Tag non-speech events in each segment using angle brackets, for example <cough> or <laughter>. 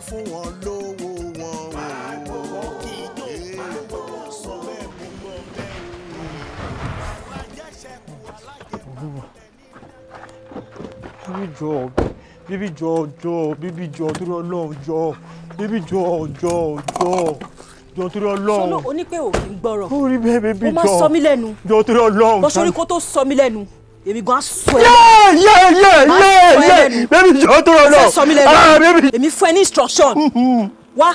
ń fún wọn lówó wọn o kì í jó sọ bẹ́ẹ̀ mú lọ bẹ́ẹ̀ o. alájẹsẹ̀kù alájẹkù bíbí jọ bíbí jọ jọ bíbí jọ torí Ọlọ́run jọ bíbí jọ jọ jọ jọ torí Ọlọ́run. sọlọ onípe ò kì í gbọ́rọ̀. ó rí bẹ́ẹ̀ bíbí jọ jọ torí Ọlọ́run. bọ́sọ̀rí kó tó sọ mí lẹ́nu èmi gan sọ ẹ. yé yé yé yé bébí jọ tó lọ lọ ah, èmi fún ẹ ní instruction wá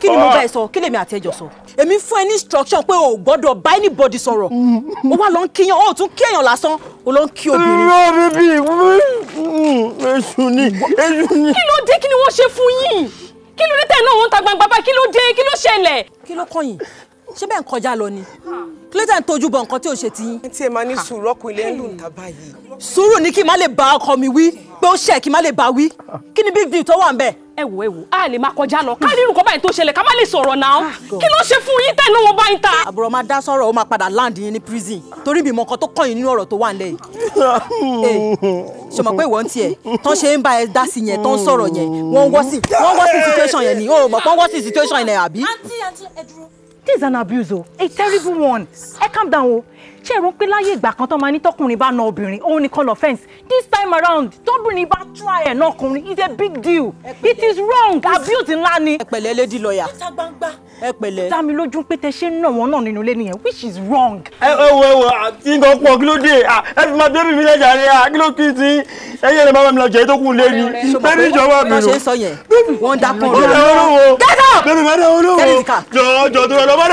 kí ni mo bá ẹ sọ kí lèmi àti ẹjọ sọ èmi fún ẹ ní instruction pé o gbọ́dọ̀ bá anybody sọ̀rọ̀ o wá lọ ń kíyàn o tún kíyàn lásán o lọ ń kí obìnrin. irọ́ bíbí mm, èṣù ni èṣù ni. kí ló dé kí ni wọ́n ṣe fún yín kí ló dé tẹ̀ náà wọ́n ń ta gbangba báyìí kí ló dé kí ló ṣẹlẹ̀. kí ló kàn ṣé bẹ́ẹ̀ ń kọjá lọ ni kí ló tẹ̀ ń tọ́jú bọ̀ nǹkan tí ò ṣe ti yín. tí ẹ máa ní sùúrù ọkùnrin ilé ń lù ń ta báyìí. sùúrù ni kí n má lè bá ọkọ mi wí pé ó ṣẹ̀ kí n má lè bá wí kí ni big deal tó wà ń bẹ̀. ẹ wò ẹ wò a lè máa kọjá lọ káàdì irú kan báyìí tó ṣẹlẹ̀ ká má lè sọ̀rọ̀ náà kí ló ṣe fún yín tẹ̀lé wọn báyìí ta. àbúrò máa dá sọ̀rọ̀ ó máa padà land yín ní prison torí bí mọ̀ọ́kan tó kàn yín nínú ọ̀rọ̀ tó wà nílẹ̀ yìí. Eh, ṣe mọ̀ pé ìwọ́n tiẹ̀ tán ṣe ń bá ẹ dá sí yẹn tán sọ̀rọ̀ yẹn wọ́n wọ́ sí situation yẹn ni ó mọ̀ pọ́n wọ́ sí situation yẹn àbí. àǹtí àǹtí ẹ dúró This is an abuse, oh. A terrible one. I calm down, oh. ṣe rò pé láyé ìgbà kan tó máa ní tọkùnrin bá na obìnrin òun nìkan offense this time around tóbìnrin bá try ẹ̀ náà ọkùnrin it's a big deal it is wrong abuse ńlá ni. ẹ lady lawyer ẹ pẹ̀lẹ́. dá mi lójú pé tẹ ṣe ń nà wọn náà nínú ilé nìyẹn which is wrong. ẹ ẹ wo ẹ wo àti nǹkan pọ̀ kí ló dé ẹ fi máa bébì mi lẹ́jà rẹ̀ kí ló kí ti ẹyẹ lè máa mi lọ jẹ́ tó kún lé ni bébì ìjọba mi o. ṣe sọ yẹn wọn dá pọ̀ lọ́wọ́ olówó bébì mẹ́ta olówó jọ̀ọ́ jọ̀ọ́ tó lọ lọ́wọ́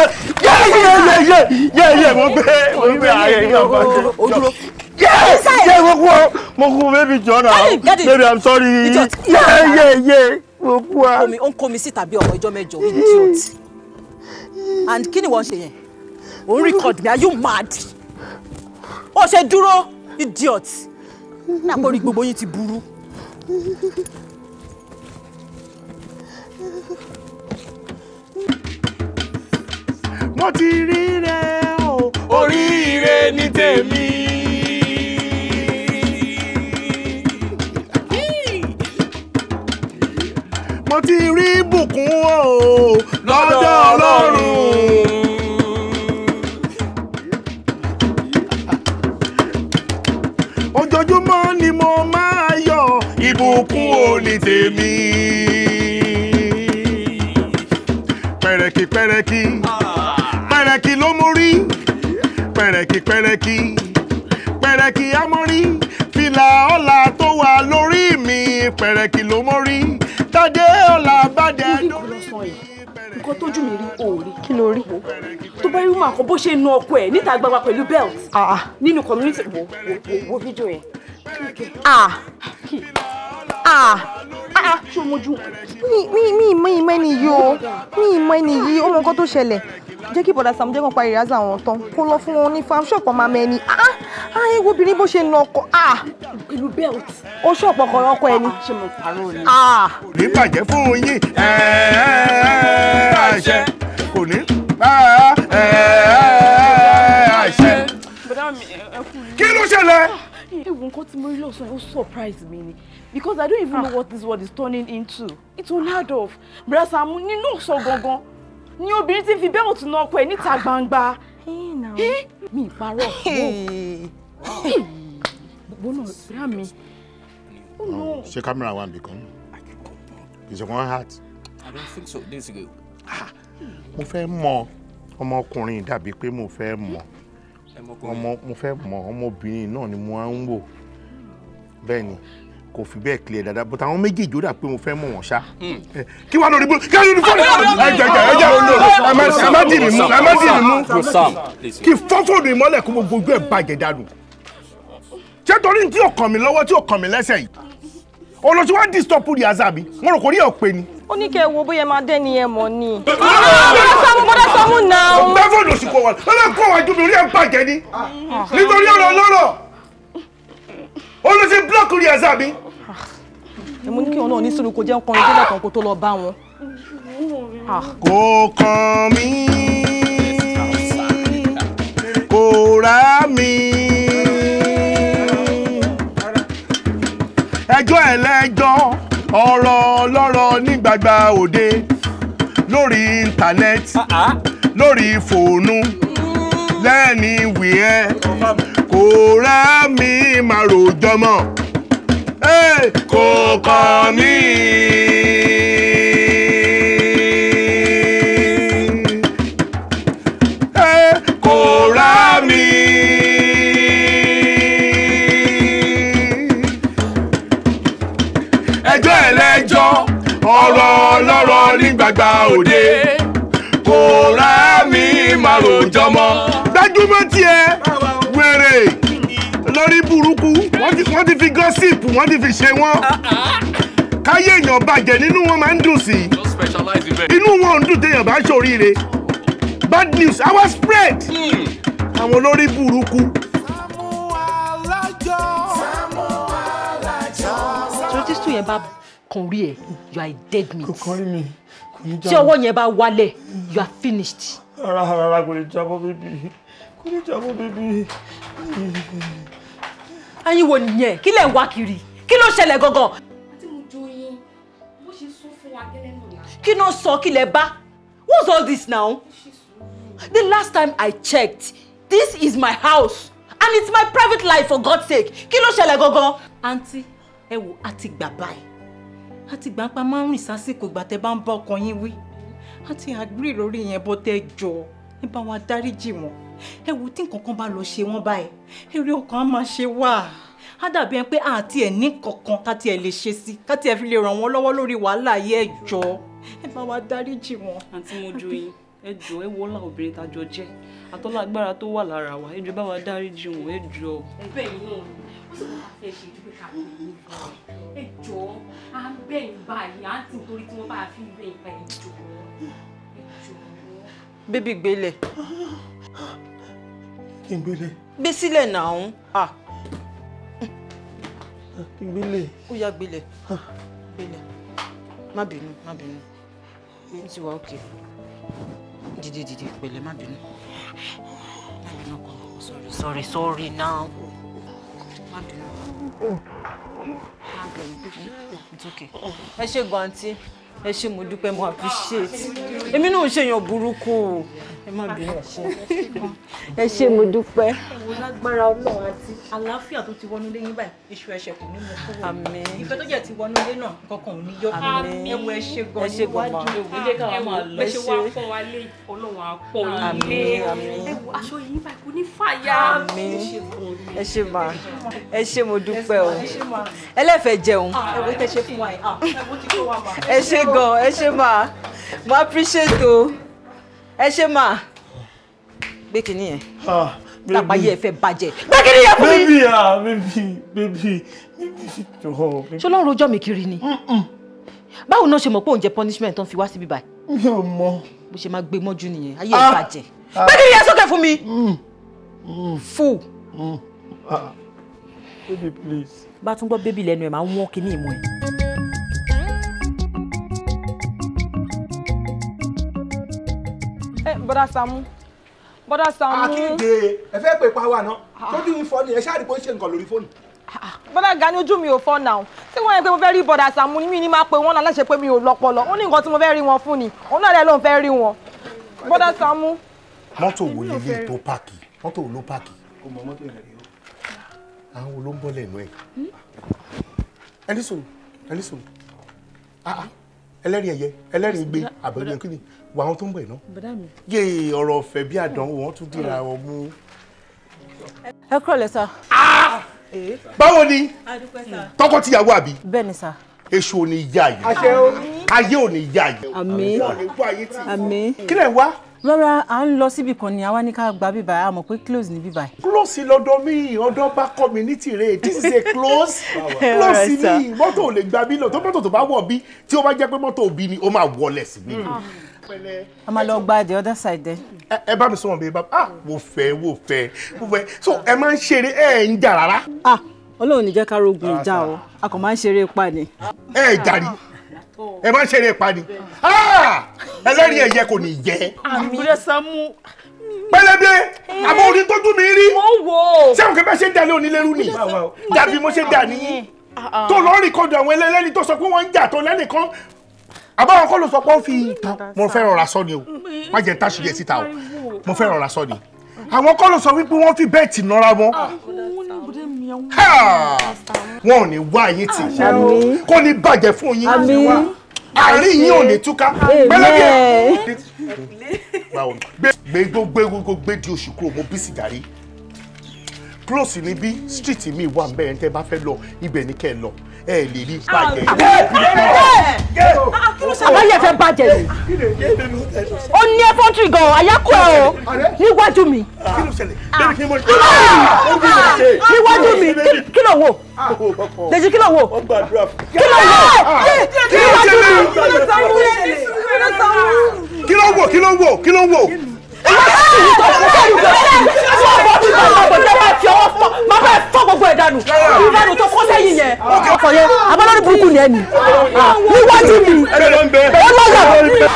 dẹ̀ yẹ́ baby i'm sorry yẹ́ẹ̀ yẹ́ẹ̀ yẹ́ẹ̀ mo kú ọ. omi ó ń kó mi sí tàbí and kí ni wọ́n me are you mad ó ṣe dúró idiot náà kó rí gbogbo yín mo ti rí mi. mo ti rí bùkún o lọ́dọ̀ ọlọ́run. ojoojúmọ́ ni mo máa yọ ìbùkún òní tèmi. pẹ̀rẹ̀kì pẹ̀rẹ̀kì. pẹ̀rẹ̀kì pẹ̀rẹ̀kì amórí fìlà ọlà tó wà lórí mi pẹ̀rẹ̀kì ló mórí tàdé ọlà bàjẹ́ lórí mi nǹkan tójú mi rí o rí kí ló rí tó bá rí wọn àkọ bó ṣe nu ọkọ ẹ níta gbangba pẹ̀lú belt nínú community wo wo fídíò yẹn ṣé o mojú. mi mi mi ìmọ̀ ẹni yìí o mi ìmọ̀ ẹni yìí ó mọ nǹkan tó ṣẹlẹ̀ jẹ́ kí bọ̀dà Sàámú jẹ́ kàn pa ìrìnàjò àwọn tán kó lọ fún wọn ní farm shop ọmọ amẹ ni ah ah ewu obìnrin bó ṣe na ọkọ ah. ìlú belt. ó ṣọ̀pọ̀ kọ̀ ọkọ ẹ ni. ah, mo parọ́ ni. Ah! kò ní bàjẹ́ fún yín àṣẹ kò ní àṣẹ. kí ló ṣẹlẹ̀. ewu nǹkan tí mo rí lọ́sàn yìí ó surprise mi ni because I don't even know ah. what this world is turning into it's unheard of brasa mu nínú sọ gangan ni obìnrin ti fi bẹ́ẹ̀tù náà ọkọ ẹ̀ níta gbangba mi ìparọ́ gbogbo <laughs> náà rà mí. Oh, ṣé kámẹ́rà wà nbìkan is it one heart. I don't think so this girl. Ah, mo fẹ́ mọ ọmọkùnrin dàbí pé mo fẹ́ mọ ọmọ mo fẹ́ mọ ọmọbìnrin náà ni mo á ń wò bẹ́ẹ̀ ni kò fi bẹ́ẹ̀ clear dada but àwọn méjèèjì ó dà pé mo fẹ́ mọ̀ wọ́n ṣá. Hmm. Eh, kí wàá lórí bọ́ọ̀lù kí wàá lórí fọ́ọ̀nù ẹ̀jẹ̀ ẹ̀jẹ̀ ẹ̀jẹ̀ olóòlù ẹ̀ má dì mí mú ẹ̀ má dì mí mú kí fọ́fọ́ọ̀nù ìmọ́lẹ̀ kó mo gbogbo ẹ̀ bàjẹ́ dànù. ṣé torí tí ò kàn mí lọ́wọ́ tí ò kàn mí lẹ́sẹ̀ yìí olóṣù wa disturb rí aza mi mo rò kò rí ẹ̀ pé ni. ó ní kẹ́ ẹ wo bóyá máa dẹ́ni ẹ mọ̀ ni. bọ́dá sọ́mú bọ́dá sọ́mú náà. bẹ́ẹ̀ fọ́ọ̀nù òsì ó ló ti block rehearsal mi. èmi ní kí wọn náà ní sínú kó jẹ́ nǹkan ìdílé kan kó tó lọ bá wọn. kò kàn mí kò rà mí. ẹjọ́ ẹlẹ́jọ́ ọ̀rọ̀ ọlọ́rọ̀ ní gbàgbà òde lórí íńtánẹ́ẹ̀tì ah, ah. lórí fóònù lẹ́ni ìwé ẹ kò rẹ́ mi máa ròjọ́ mọ́ kò kàn mí. kò rẹ́ mi. ẹjọ́ ẹlẹ́jọ́ ọ̀rọ̀ ọlọ́rọ̀ ní gbàgbà òde kò rẹ́ mi máa ròjọ́ mọ́ dúró tiẹ̀ wèrè lórí burúkú wọ́n ti fi gọ́sìpù wọ́n ti fi ṣe wọ́n ah, ah. káyé èèyàn bàjẹ́ nínú wọn máa ń dùn sí inú wọn ò ń dùn téèyàn bá ṣoríire bad news our spread hmm. àwọn olórí burúkú. sọtísù yẹn bá kàn rí ẹ you are a dead meat. kò kàn rí mi kò ní jábọ́. tí ọwọ́ yẹn bá wálẹ̀ you are finished. rárá rárá kò ní jábọ́ bíbí kò ní jàmọ́ bèbí. ẹ̀yin wo nìyẹn kí lẹ ń wá kiri kí ló ṣẹlẹ̀ gangan. àti mo jo yín bó ṣe sún fún wa gẹ́lẹ́ nìyà. kí ló sọ kí lẹ bá what's all this now the last time i checked this is my house and it's my private life for god's sake kí ló ṣẹlẹ̀ gangan. àǹtí ẹ wò á ti gbà báyìí á ti gbà pa márùn-ún ìsásìkò ìgbà tẹ bá ń bá ọkàn yín wí á ti àgbèrè lórí yẹn bó tẹ jọ ẹ bá wa dáríjì wọn ẹ wo tí nǹkan kan bá lọ ṣe wọn báyìí eré ọkàn á máa ṣe wá á dàbí ẹ pé àti ẹ ní kankan ká tiẹ̀ lè ṣe sí ká tiẹ̀ fi lè ràn wọ́n lọ́wọ́ lórí wàhálà yẹ ẹ jọ ẹ bá wa dáríjì wọn. àǹtí Mojoyin ẹ jọ ẹ wọlá obìnrin tájọ jẹ àtọ́lá agbára tó wà lára wa ẹ jọ bá wa dáríjì wọn ẹ jọ. ẹgbẹ́ yìí náà ẹ ṣe ìdúpẹ́ jọ à ń bẹ̀yìn báyìí à ń tì nítorí tí wọ́n bá fi bẹ̀yìn báyìí jọ bébí gbélé. kí n gbélé. gbé sílẹ̀ náà. kí n gbélé. ó yá gbélé. gbélé má bínú má bínú ó ti wà òkè dìde dìde pẹ̀lẹ́ má bínú má bínú ọkọ sorry sorry sorry now má bínú má bínú it's okay ẹ ṣe gan-an tí ẹ ṣé mo dúpẹ́ mo appreciate èmi náà ń ṣèyàn burúkú ẹ má bínú ẹ mo dúpẹ́. ẹ̀wọ̀n lágbára ọlọ́run àti àlàáfíà tó ti wọnú lé yín báyìí èṣù ẹ̀ṣẹ̀ kò ní mú kúrò ìfẹ́ tó jẹ́ ti wọnú lé náà kankan ò ní yọ ẹ̀wọ̀n ẹ̀ṣẹ̀ gan ní iwájú ẹ̀wọ̀n ẹ̀ṣẹ̀ wà fún wa lé ọlọ́run àpọ̀ ilé ẹ̀wọ̀n aṣọ yìí báyìí kò ní fàyà àmín ma ẹ mo dúpẹ́ o ẹlẹ́fẹ̀ẹ́ jẹun ah, ah, ẹ gan ẹ ma mo appreciate o ẹ ṣe máa gbé kinní yẹn tàpá yẹ fẹ́ bàjẹ́ gbé kinní yẹn fún mi. bébì ah bébì bébì bébì jọ̀ọ́. ṣé ló ń rojọ́ mi kiri ni báwo náà ṣe mọ̀ pé òun punishment tó ń fi wá síbí báyìí. mi ò mọ. bó ṣe máa gbé mọ́jú nìyẹn ayé ah, ẹ̀ bàjẹ́ ah. gbé kinní yẹn sókè fún mi. Mm, mm. fún. Mm, ah, baby please. bá tún gbọ́ bébì lẹ́nu ẹ̀ máa ń wọ́n kinní ìmú ẹ̀. bọ́dá Sàámú bọ́dá Sàámú. akíndé ẹ fẹ́ pè pa wa náà tójú ń fọ ni ẹ ṣáàdì pé ó ṣe nǹkan lórí fóònù. bọ́dá Gani ojú mi ò fọ́ náà tí wọ́n yẹ pé mo fẹ́ rí bọ́dá Sàámú mi ni máa pe wọ́n náà láṣẹ pé mi ò lọ́pọlọ ó ní nǹkan tí mo fẹ́ rí wọn fún ni òun náà rẹ̀ ló ń fẹ́ rí wọn bọ́dá Sàámú. mọ́tò wo lélẹ̀ tó páàkì mọ́tò wo ló páàkì. kò mọ mọ́tò yẹn rí o. àwọn wo ló ń bọ́ lẹ́nu ẹ̀. Hmm? ẹ ah, ah ẹlẹ́rìí ẹ̀yẹ ẹlẹ́rìí gbé àbẹ̀rẹ̀ kí ni wà wọn tó ń bọ̀ iná. yé ọ̀rọ̀ ọ̀fẹ́ bí àdánwò wọn tún dira ọ mú. ẹ kúrò lẹ sá. Ah! báwo ni tọkọtìyàwó àbí. bẹ́ẹ̀ni sá. èṣù ò ní yá yìí ayé ò ní yá yìí. àmín àmín. kí wá rárá à ń lọ síbi kan ni àwa ní ká gba bíbá a mọ̀ pé close ní bíbá. close lọ́dọ̀ mi ọ̀dọ̀ bá community rẹ̀ this is a close <laughs> close mi mọ́tò ò lè gba bí lọ tó mọ́tò tó bá wọ̀ bí tí ó bá jẹ́ pé mọ́tò òbí ni ó máa wọlé sí mi. Mm. a máa lọ gba the other side. ẹ bá mi sọ wọn bíi bá ah wò fẹ́ wò fẹ́ wò fẹ́ so ẹ máa ń ṣeré ẹ ń jà rárá. ah ọlọ́run ní jẹ́ ká rogun ìjà o a kò máa ń ṣeré pa ni. ẹ jàrí ẹ má ṣeré pani ah! ẹlẹ́rìí ẹ̀yẹ kò ní jẹ́. àmì rẹ Sàámú. pẹlẹbẹ eh. àmọ́ orin tó dùn mí rí. mo wò. sẹ́wọ̀n ṣe ń dalẹ̀ onílẹ̀rú ni dàbí mo ṣe dà nìyí ah, ah. tó lọ́ọ́ rìkọ́dù àwọn ẹlẹ́ni tó sọ pé wọ́n ń jà tó lẹ́nìkan àbáwọn kọ́ ló sọ pé ó fi mo fẹ́ rọra sọ ni o má jẹ́ táṣìlẹ̀ síta o mo fẹ́ rọra sọ ni àwọn kọ́ ló sọ wípé wọ́n fi bẹ́ẹ̀tì nọ́ra wọn wọn ò ní wá yín tì kó ní bàjẹ́ fún yín àárín yín ò ní túká gbẹlẹgẹ gbé gbogbo gbé di oṣù kúrò mo bí sìgárì close ni bí street mi wà ń bẹ́ẹ̀ tẹ́ bá fẹ́ lọ ibẹ̀ ni kẹ́ ẹ lọ ẹ lè rí bàjẹ́. àbáyé fẹ́ bàjẹ́ ni ó ní ẹ fọ́ńtì gan-an àyákọ́ ẹ o níwájú mi. kí kí ló wò Dèjì kí ló wò kí ló wò kí ló wò kí ló wò kí ló wò. Bàbá ẹ̀ fọ́ gbogbo ẹ̀ dànù. Ìdànù tó kọ́ sẹ́yìn yẹn. Ọkọ̀ yẹn, abọ́lọ́dún burúkú ni ẹ nì. Níwájú mi, ó lọ́yà.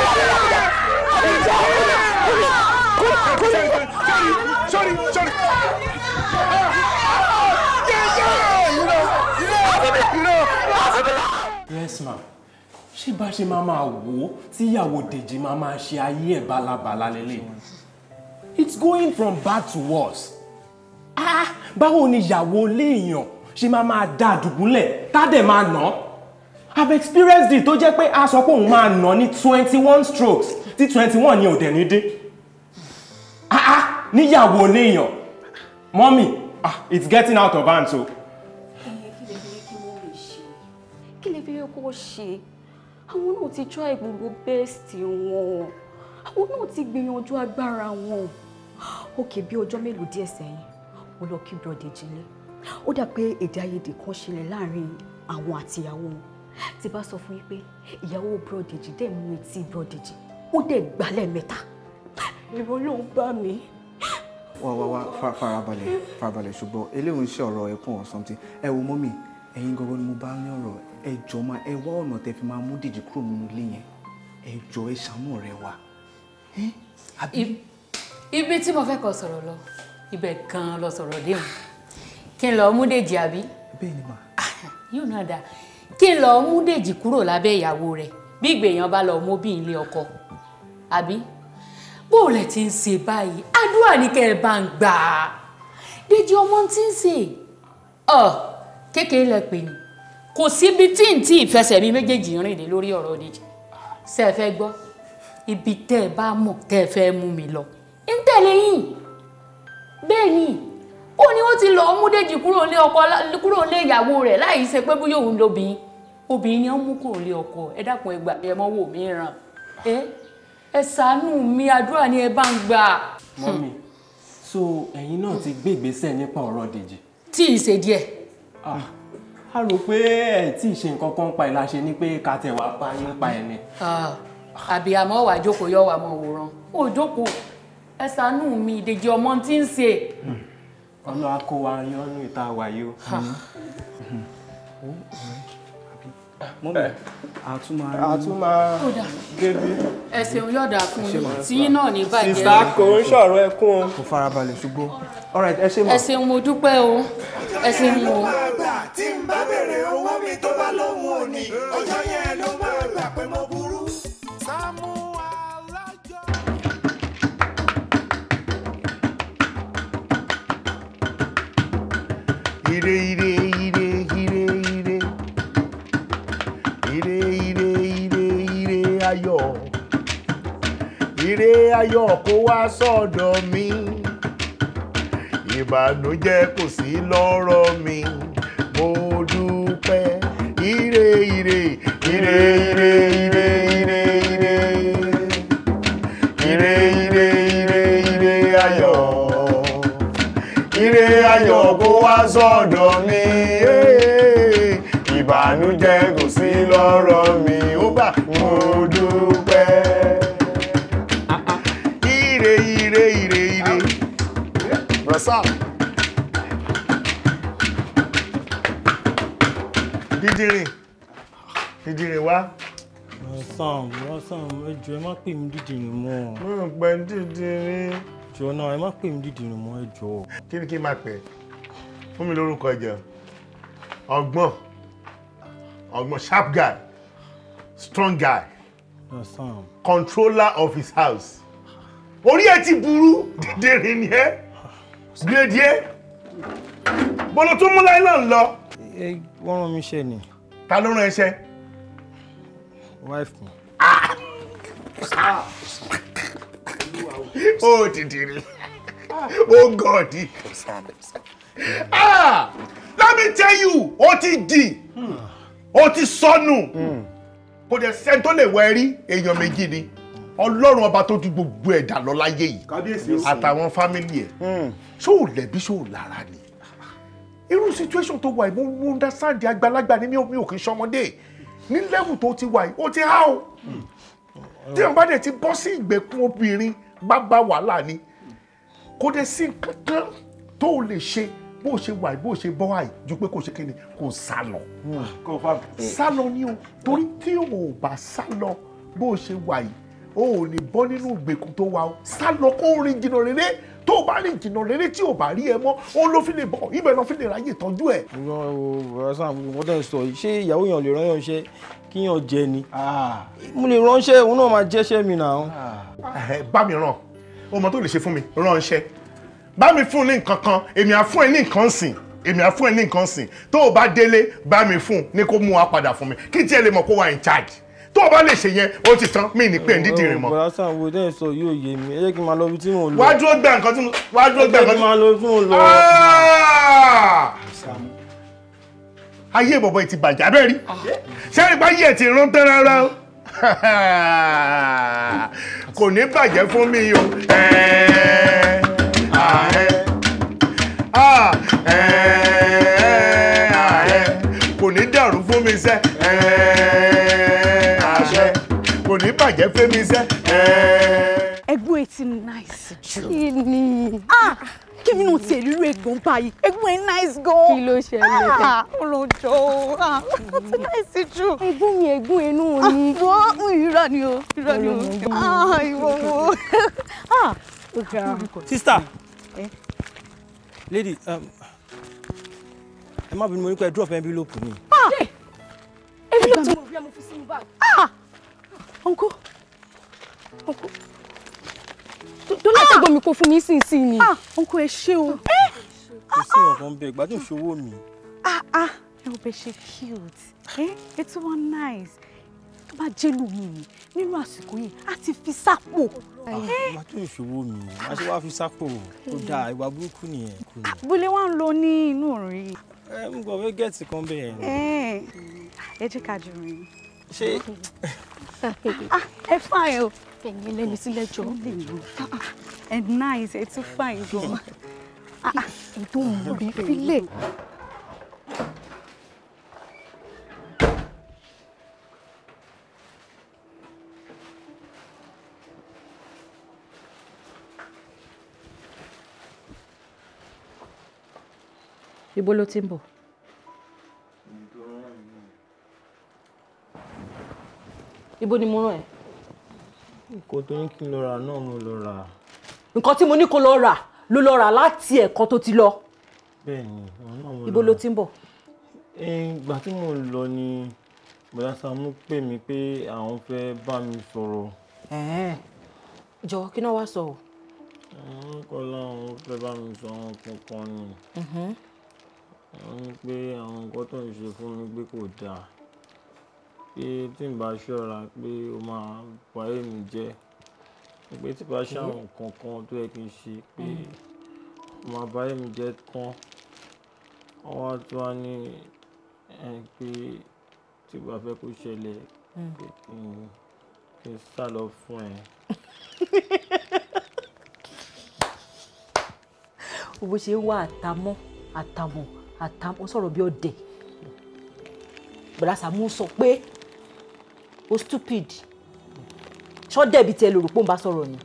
ṣé bá ṣe máa máa wò ó tí ìyàwó Dèjì máa máa ṣe ayé ẹ̀ bálabàla lélẹ̀ it's going from bad to worse ah báwo ni ìyàwó léèyàn ṣe máa máa da àdùbúlẹ̀ tádẹ̀ máa nà i've experienced it tó jẹ́ pé a sọ pé òun máa nà ní twenty one strokes tí twenty one yẹn ò dẹ̀ ní dé ah ah níyàwó léèyàn mọ́mì ah it's getting out of hand o. kí lè fi rí kí lè fi rí kó ṣe àwọn náà ti try gbogbo best wọn àwọn náà ti gbìyànjú agbára wọn òkè bí ọjọ́ mélòó díẹ̀ sẹ́yìn mo lọ kí brọ̀dẹ̀ jílé ó dà pé èdè àìyedè kan ṣẹlẹ̀ láàrin àwọn àtìyàwó wọn tí bá sọ fún yín pé ìyàwó brọ̀dẹ̀ jí dẹ̀ mú etí brọ̀dẹ̀ jí ó dẹ̀ gbalẹ̀ mẹ́ta ìrọ̀ ló ń bá mi. wá wá wá farabalẹ̀ farabalẹ̀ ṣùgbọ́n eléyìí ń ọ̀rọ̀ ẹkún or something ẹ wo mọ́mì ẹ̀yin gangan ni mo bá ní ọ̀rọ̀ ẹ jọ máa ẹ wá ọ̀nà tẹ fi máa mú dèjì kúrò nínú ilé yẹn ẹ jọ ẹ ṣàánú ọ̀rẹ́ wa. ibi tí mo fẹ́ kọ sọ̀rọ̀ lọ ibẹ̀ gan-an lọ sọ̀rọ̀ dé mi kí n lọ mú dèjì àbí. bẹ́ẹ̀ ni mà. Ah, yóò náà dáa kí n lọ mú dèjì kúrò lábẹ́ ìyàwó rẹ̀ bí ìgbèyàn bá lọ mú bí ilé ọkọ àbí bó o lẹ ti ń ṣe báyìí àdúrà ní kẹ́ ẹ bá ń gbà á dèjì ọmọ ti ń ṣe kékeré lẹ pè ní kò síbi tí n tí ìfẹsẹ̀ mi méjèèjì rìn dé lórí ọ̀rọ̀ Déjì ṣe é fẹ́ gbọ́ ibi tẹ́ ẹ bá mọ̀ tẹ́ ẹ fẹ́ mú mi lọ ń tẹ̀lé yín bẹ́ẹ̀ ni ó ní ó ti lọ mú Déjì kúrò ní ọkọ kúrò ní ìyàwó rẹ̀ láì ṣe pé bóyá òun lóbìnrin obìnrin ni ó mú kúrò ní ọkọ ẹ dákun ẹ gbà ẹ mọ́ wò mí ràn ẹ ẹ ṣàánú mi àdúrà ni ẹ bá ń gbà. mọ́mí so ẹ̀yin náà ti gbé ìgbésẹ̀ nípa ọ̀rọ̀ Déjì. tí ì ṣe díẹ̀. ah a rò pé ẹ tí ì ṣe nǹkan kan pa ẹ̀ ni pé ká tẹ̀ wá pa yín pa ẹ̀ àbí àmọ́ wàá jókòó yọ wàá mọ̀ wòran ó jókòó ẹ ṣàánú mi ìdèjì ọmọ tí ń ṣe. ọlọ́wà kó wa yọ́nú ìta wàyí o mọ́mí eh. àtúmọ̀ àtúmọ̀ débi. ẹ ṣeun yọ̀dà fún mi tíyín náà ní bàjẹ́. sista kò ń sọ̀rọ̀ ẹkún o. kò farabalẹ̀ ṣùgbọ́n alright ẹ ṣe mọ̀. ẹ ṣeun mo dúpẹ́ o ẹ ṣeun o. tí n bá bèrè owó mi tó bá lóhun òní ọjọ́ yẹn ló máa gbà pé mo burú. ire ire ayọ̀ ire ayọ̀ kó wá sọ́dọ̀ mi ìbànújẹ́ kò sí lọ́rọ̀ mi mo dúpẹ́ ire ire ire ire ire ire ire ire ire ire ire ayọ̀ ire ayọ̀ kó wá sọ́dọ̀ mi ìbànújẹ́ kò sí lọ́rọ̀ mi ó bá mo dúpẹ́. ire ire ire ire rasa. dídìrín dídìrín wá sam sam ẹjọ ẹ má pè mí dídìrín mọ́. mo ń pẹ dídìrín. jọ náà ẹ má pè mí dídìrín mọ́ ẹjọ. kí ni kí n máa pè fún mi lórúkọ ẹjọ ọgbọ́n. I'm a sharp guy strong guy controller of his house orí ẹ ti burú dèrè ni ẹ gírèdì ẹ bọ́lá tó mú láìlọ́n lọ. wọ́n rán mi iṣẹ́ ni. ta ló rán iṣẹ́. wife mi. Ah! <laughs> ó dìdìrì ó gọ̀ọ̀dì. Ah! let me tell you O ti di. Hmm ó ti sọnù kò dẹ̀ sẹ́ni tó lè wẹ̀ rí èèyàn méjì ni ọlọ́run ọba tó ju gbogbo ẹ̀dá lọ láyé yìí àtàwọn fámìlì ẹ̀ ṣó lẹ̀bi ṣó lára ni irú situation tó wà yìí mo mú understand àgbàlagbà ni mi ò mi ò kì í ṣọmọdé ní level tó ti wà yìí ó ti há o tí wọn bá dẹ̀ ti bọ́ sí ìgbèkùn obìnrin bá bá wàhálà ni kò dẹ̀ sí kankan tó lè ṣe bó ṣe wà bó ṣe bọ́ àì ju pé kò ṣe kí ni kò sá lọ. Hmm. Ah, hmm. sá lọ ni o torí tí o ò bá sá lọ bó ṣe wà yìí o ò ní bọ́ nínú ìgbèkùn tó wà o sá lọ kó rìn jìnnà rere tó o bá rìn jìnnà rere tí o bá rí ẹ mọ́ ó ló fi lè bọ̀ ibẹ̀ ló fi lè ráyè tọ́jú ẹ̀. ìrọ̀ o bàbá sáà wọ́n tẹ̀ sọ ṣé ìyàwó yàn lè rán yàn jẹ ni ah. mo lè ránṣẹ́ òun náà máa jẹ́ṣẹ́ mi náà. Ah. Eh, bá mi ràn ọmọ tó lè ṣe fún mi ránṣẹ́ bá mi fún ní nǹkan kan èmi á fún ẹ ní nǹkan sìn èmi á fún ẹ ní nǹkan sìn tó o bá délé bá mi fún ní kó mú wa padà fún mi kí tiẹ̀ lè mọ̀ kó wà in charge tó o bá lè ṣe yẹn ó ti tán mí ní pé ndídì rìn mọ. bọ̀dá sàn wo dẹ́n sọ yóò yé mi ẹ jẹ́ kí n máa lọ ibi tí mò ń lọ. wá dúró gbà nǹkan tí mo wá dúró gbà nǹkan tí mo lọ. Ah! ayé bọ̀bọ̀ ẹ ti bàjẹ́ abẹ́ rí sẹ́yìn bá yẹ̀ ti rán tán rárá o <laughs> kò ní bàjẹ́ fún mi o ààrẹ ààrẹ nice ní dàrú Ah, mi sẹ́ àṣẹ kò ní bàjẹ́ fún mi sẹ́. ẹ̀gbọ́n etí náìsì jù. kí ti ìrírí ẹ̀gbọ́n báyìí ẹ̀gbọ́n ẹ̀ nice gan. kí ló ṣẹlẹ̀ bẹ́ẹ̀. ó lọ jọ ó ti nice jù. ẹ̀gbọ́n mi ẹ̀gbọ́n inú mi. àbọ̀ ìrọ̀ ni o ìrọ̀ ni o. ìwọ wo. <laughs> sister eh? lady um, ẹ má bínú mo ní kó ẹ drop envelope ni. envelope tí mo rí ẹ mo fi sínú bag. uncle uncle dọ́là tẹ́gbọ́n mi kò fún mi sínsìn ni ah! uncle ẹ ṣé o. Eh? kò sí ọ̀kan bẹ́ẹ̀ gbádùn ìṣòwò mi. Ah, ah. ẹ ò bẹ ṣe cute ẹ ẹ tún wọn nice bá jẹ́lu mi ni nínú àsìkò yìí a ti fi sápò. àwa tó ìṣòwò mi a ṣe wá fi sápò kó dáa ìwà burúkú nìyẹn. abúlé wa ń lọ ní inú òrùn yìí. Eh, ẹ ń gbọ́ pé gẹ̀ẹ́tì kan bẹ̀rẹ̀ ni. Eh, ẹ jẹ́ ká jù rìn. ṣé. <laughs> Ah, ẹ fà ẹ o. ẹ̀yin ẹlẹ́ni sílẹ̀ jọ. ẹ̀ náà ẹ̀ tún fà ẹ̀ gan. ètò <laughs> ah, ah. òun bí fílẹ̀. Ibo ló ti ń bọ̀? Ibo ni mo rán ẹ? Nǹkan tó ní kí n lọ rà náà mo lọ rà. Nǹkan tí mo ní kó lọ rà ló lọ rà láti ẹ̀kan tó ti lọ. Bẹ́ẹ̀ni, òun náà mo lọ rà. Ibo ló ti ń bọ̀? Ìgbà tí mo lọ ni Bọ̀dá Sàámú pè mí pé àwọn fẹ́ bá mi sọ̀rọ̀. Jọ̀wọ́ kí náà wá sọ o. Àwọn kọ́ láwọn fẹ́ bá mi sọ àwọn kankan ni wọ́n ní pé àwọn nǹkan tó ń ṣe fún mi pé kò dáa pé tí n bá ṣọ́ra pé ó máa wáyé mi jẹ́ pé tí bá ṣàwọn nǹkan kan tó yẹ kí n ṣe pé mm. ó máa báyé mi jẹ́ tán wọ́n wá tún wá ní pé tí bá fẹ́ kó ṣẹlẹ̀ mm. kí n sá lọ fún ẹ. <laughs> bó ṣe wá àtàmọ́ àtàmọ́ àtàm ó sọ̀rọ̀ bí ọ̀dẹ̀ bọ̀dá Sàámú sọ pé ó stupid ṣọ́dẹ̀ bíi tiẹ̀ lòrò pé òun bá sọ̀rọ̀ ni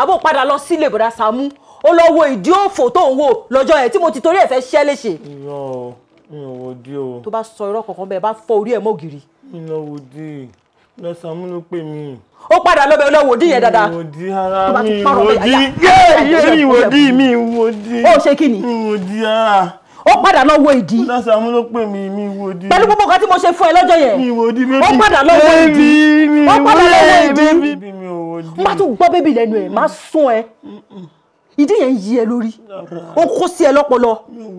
àbò padà lọ sílé bọ̀dá Sàámú ó lọ wo ìdí òfò tó ń wò lọ́jọ́ yẹn tí mo ti torí ẹ̀ fẹ́ ṣẹ́ léṣe. irọ́ o mi ò wo dí o. tó bá sọ irọ́ kankan bẹ́ẹ̀ bá fọ orí ẹ̀ mọ́ ògiri. mi lọ wo dí i lọ Sàámú ló pè mí. ó padà lọ bẹ lọ wò dí yẹn dáadáa. mi ò dí ara mi ò dí mi ò dí mi ò dí. ó ṣe kí ni. mi dí ara ó padà lọ wo ìdí. lọ́sẹ̀ àwọn ló pè mí mi wo di. pẹ̀lú gbogbo nǹkan tí mo ṣe fún ẹ lọ́jọ́ yẹn. mi wo di bébì. ó padà lọ wo ìdí. ó padà lọ wo ìdí. má tún gbọ́ bébì lẹ́nu ẹ̀ má sún ẹ ìdí yẹn ń yí ẹ lórí ó kó sí ẹ lọ́pọlọ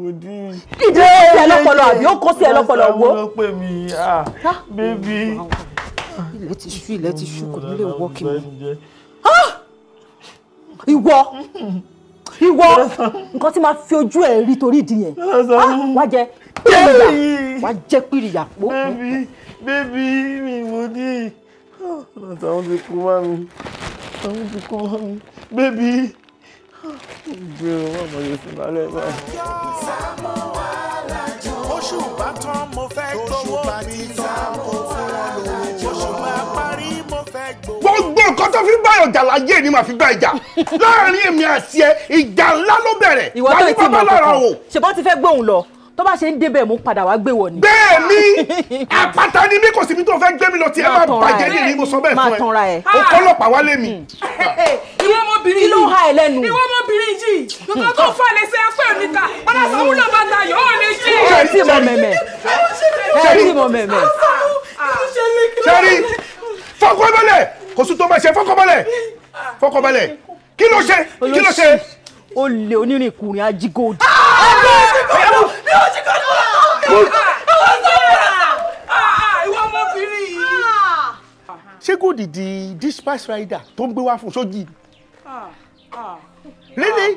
ìdí yẹn ń yí ẹ lọ́pọlọ àbí ó kó sí ẹ lọ́pọlọ wo. lọ́sẹ̀ àwọn ló pè mí ah bébì. ilẹ̀ ti ṣú ilẹ̀ ti ṣú kò ní lè wọ́ kí mi. ìwọ ìwọ nǹkan tí máa fi ojú ẹ̀ rí torí ìdí yẹn ah, wá jẹ pírìyà wá jẹ pírìyà pò. bébí bébí mi ò ní àtàwọn ti kú bá mi àtàwọn ti kú bá mi bébí gbé o wà mọ̀ yóò sì máa lẹ́ẹ̀ báyìí. oṣù bá tán mo fẹ́ gbowó. tó fi bá ọjà láyé ni màá fi bá ìjà <laughs> láàrin èmi àti ẹ ìjà ńlá ló bẹ̀rẹ̀ wà ní bàbá lára o. ṣèbọn ti fẹ́ gbóhùn lọ tó bá ṣe ń débẹ̀ mú padà wá gbé wọ̀ ni. bẹ́ẹ̀ ni <laughs> àpáta ni mi kò síbi tó fẹ́ gbé mi lọ tí ẹ máa bàjẹ́ ní ni mo sọ bẹ́ẹ̀ fún ẹ máa tanra ẹ o kọ́ lọ́pàá wálé mi. Hmm. <laughs> ìwọ ọmọbìnrin yìí kí ló ha ẹ lẹ́nu. ìwọ ọmọbìnrin yìí hmm. nǹkan tó fà lè ṣe ẹgbẹ́ mi ta ọ̀nà sanwó ló bá ta yóò lè jí. ẹ ti mọ mẹ̀mẹ̀ ẹ ti mọ mẹ̀mẹ̀. sẹ́rí fọkọ́ bẹ́lẹ̀ kò sí tó máa ṣe fọkànbalẹ̀ fọkànbalẹ̀ kí ló ṣe kí ló ṣe. Ah! Ah! Ah! o lè onírin ìkùnrin ajígòdì. ṣé kò dìdì dispatch rider tó ń gbé wá fún sójì. really.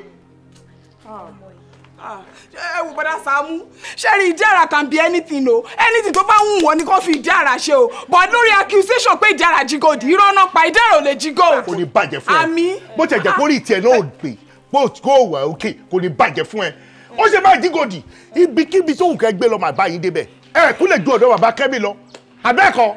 Ah, ẹ wò bọ́dá Sàámú ṣẹ́rí ìdí àrà can be anything o anything tó bá ń wọ̀ ni kò fi ìdí àrà ṣe o but lórí accusation pé ìdí àrà jí gold irọ́ náà pa ìdí àrà ò lè jí gold. kò ní bàjẹ́ fún ẹ àmì bó ti ẹ̀jẹ̀ kórìí tiẹ̀ náà ò gbé bó kó wà òkè kò ní bàjẹ́ fún ẹ ó ṣe máa jí gold ibikíbi tó wù kẹ́ gbé lọ màá débẹ̀ ẹ kú ju ọ̀dọ̀ bàbá Kẹ́mi lọ àbẹ́ẹ̀kọ́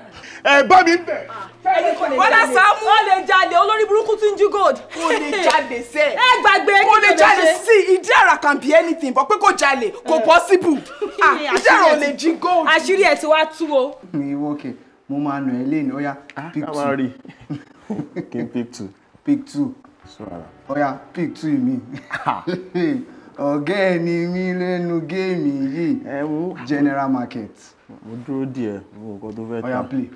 ẹ bá mi bẹ̀ ọ̀dà sàmú ó lè jalè olórí burúkú tún jí gold. kò lè jalè sẹ́. <laughs> ẹ gbàgbé kò lè jalè sí ìdí àrà can be anything but pé kò jalè kò eh. possible. <laughs> Ah, ìdí àrà ò lè jí gold. àṣírí ẹ̀ ti wá tú o. mi wò kè mo máa nà ẹ́ lẹ́nu ọ̀yà ah, pick two. <laughs> kí pick two. pick two. ọ̀yà pick two mi ọ̀gá ẹ̀ ni mí lẹ́nu géèmì yìí general market. mo dúró díẹ̀ mo kọ́ tó fẹ́ tán. ọ̀yà play.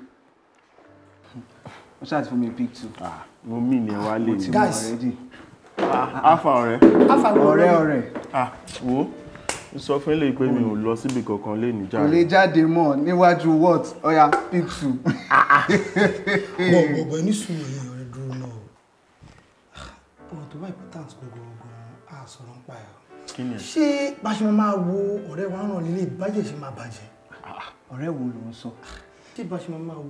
O ṣáà ti fún mi pick two. Ah, mo mí ni wá lè ní. guys afa ah, ọ̀rẹ́. afa ọ̀rẹ́ ọ̀rẹ́. Ah, wo sọ fún ilé pé mi ò lọ síbi kankan lè ní jáde. kò lè jáde mọ́ níwájú what ọya pick two. wọ́n gbogbo ẹni sùn ẹ̀yìn ọ̀rẹ́ dúró náà ọ̀rọ̀ tó bá important gbogbo ọgbọ̀n á sọ̀rọ̀ ń pa ẹ̀ ṣé bá ṣe máa wo ọ̀rẹ́ wa ń ràn nílé ìbàjẹ́ ṣe máa bàjẹ́. ọ̀rẹ́ wo ló ń sọ tí bá ṣe máa wo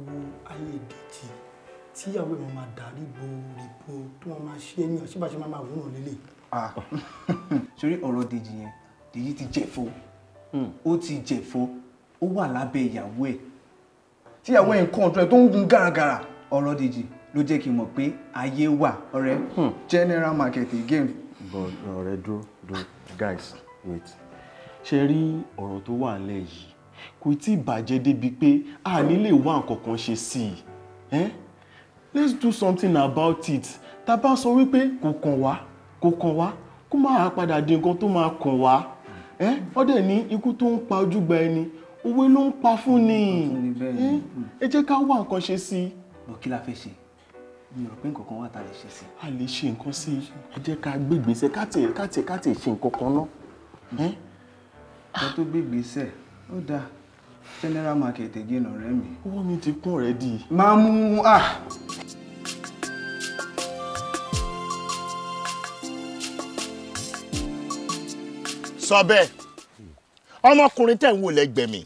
ayé ìdẹ̀tì tíyàwó ẹ̀ máa darí gbòòrìbò tó wọn máa ṣe ní ọ̀ṣẹ́ bá ṣe máa wúrò lélẹ̀. Ah. sórí <laughs> ọ̀rọ̀ dèjì yẹn dèjì ti jẹ̀fọ́ hmm. ó ti jẹ̀fọ́ ó wà lábẹ́ ìyàwó ẹ̀ tíyàwó ẹ̀ ń kọ́ ọ̀tún ẹ̀ tó ń gun gàràgàrà ọ̀rọ̀ dèjì ló jẹ́ kí n mọ̀ pé ayé wà ọ̀rẹ́ hmm. general market again. ọ̀rẹ́ dúró dúró guys wait ṣe rí ọ̀rọ̀ tó wà nílẹ̀ yìí kò tí ì bàjẹ́ débi pé a ní lè wá nǹkan ṣe sí i eh? let's do something about it tá a bá sọ wípé kò kàn wá kò kàn wá kó máa padà di nǹkan tó máa kàn wá ó dẹ̀ ní ikú tó ń pa ojúgbà ẹni òwe ló ń pa fún ni ẹ jẹ́ ká wá nǹkan ṣe sí i. bọ̀ kí la fẹ́ ṣe mi ò rò pé nǹkan kan wà tá a lè ṣe sí i. a lè ṣe nǹkan sí i ẹ jẹ́ ká gbé ìgbésẹ̀ ká tẹ̀ ká tẹ̀ ká tẹ̀ ṣe nǹkan kan náà. ká tó gbé ìgbésẹ̀ ó dáa general market again ọ̀rẹ́ mi. owó mi ti kún already. máa mú ah. sọ bẹ́ẹ̀ ọmọkùnrin tẹ̀ ń wò lẹ́gbẹ̀ẹ́ mi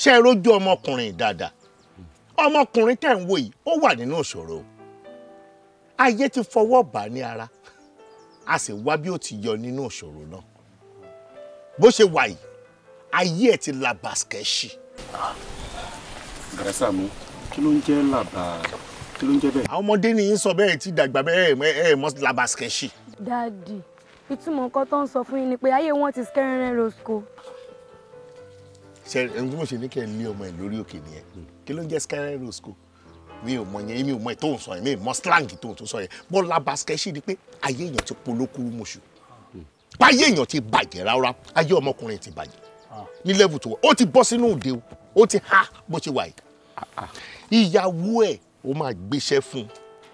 ṣe é rójú ọmọkùnrin dáadáa ọmọkùnrin tẹ̀ ń wò yìí ó wà nínú ìṣòro ayé ti fọwọ́ bà ní ara a sì wá bí ó ti yọ nínú ìṣòro náà bó ṣe wà yìí ayé ẹ̀ ti làbàṣkẹ́ ṣì. gàrẹ́sà mú kí ló ń jẹ́ làbà kí ló ń jẹ́ bẹ́ẹ̀. àwọn ọmọdé ni yín sọ bẹ́ẹ̀ ti dàgbà bẹ́ẹ̀ ẹ̀ mọ́ làbàṣkẹ́ ṣì. dáàdì ìtumọ̀ nǹkan tó ń sọ fún yín ni pé ayé wọn ti skẹ́rẹ́rẹ́ rosco. ṣe ẹni tí mo ṣe ní kẹ́ ẹ lé ọmọ ẹ lórí òkè nìyẹn kí ló ń jẹ́ skẹ́rẹ́rẹ́ rosco mi ò mọ yẹn mi ò mọ ètò òun sọ yẹn mi ò mọ slang tó òun sọ yẹn bọ́lá baskẹ́ṣì ni pé ayé èèyàn ti polókúrú mọ̀ṣù báyé èèyàn ti bàjẹ́ rárá ayé ọmọkùnrin ti bàjẹ́ ní level tó wà ó ti bọ́ sínú òde o ó ti há bó ṣe wà yìí ìyàwó ẹ̀ ó máa gbéṣẹ́ fún un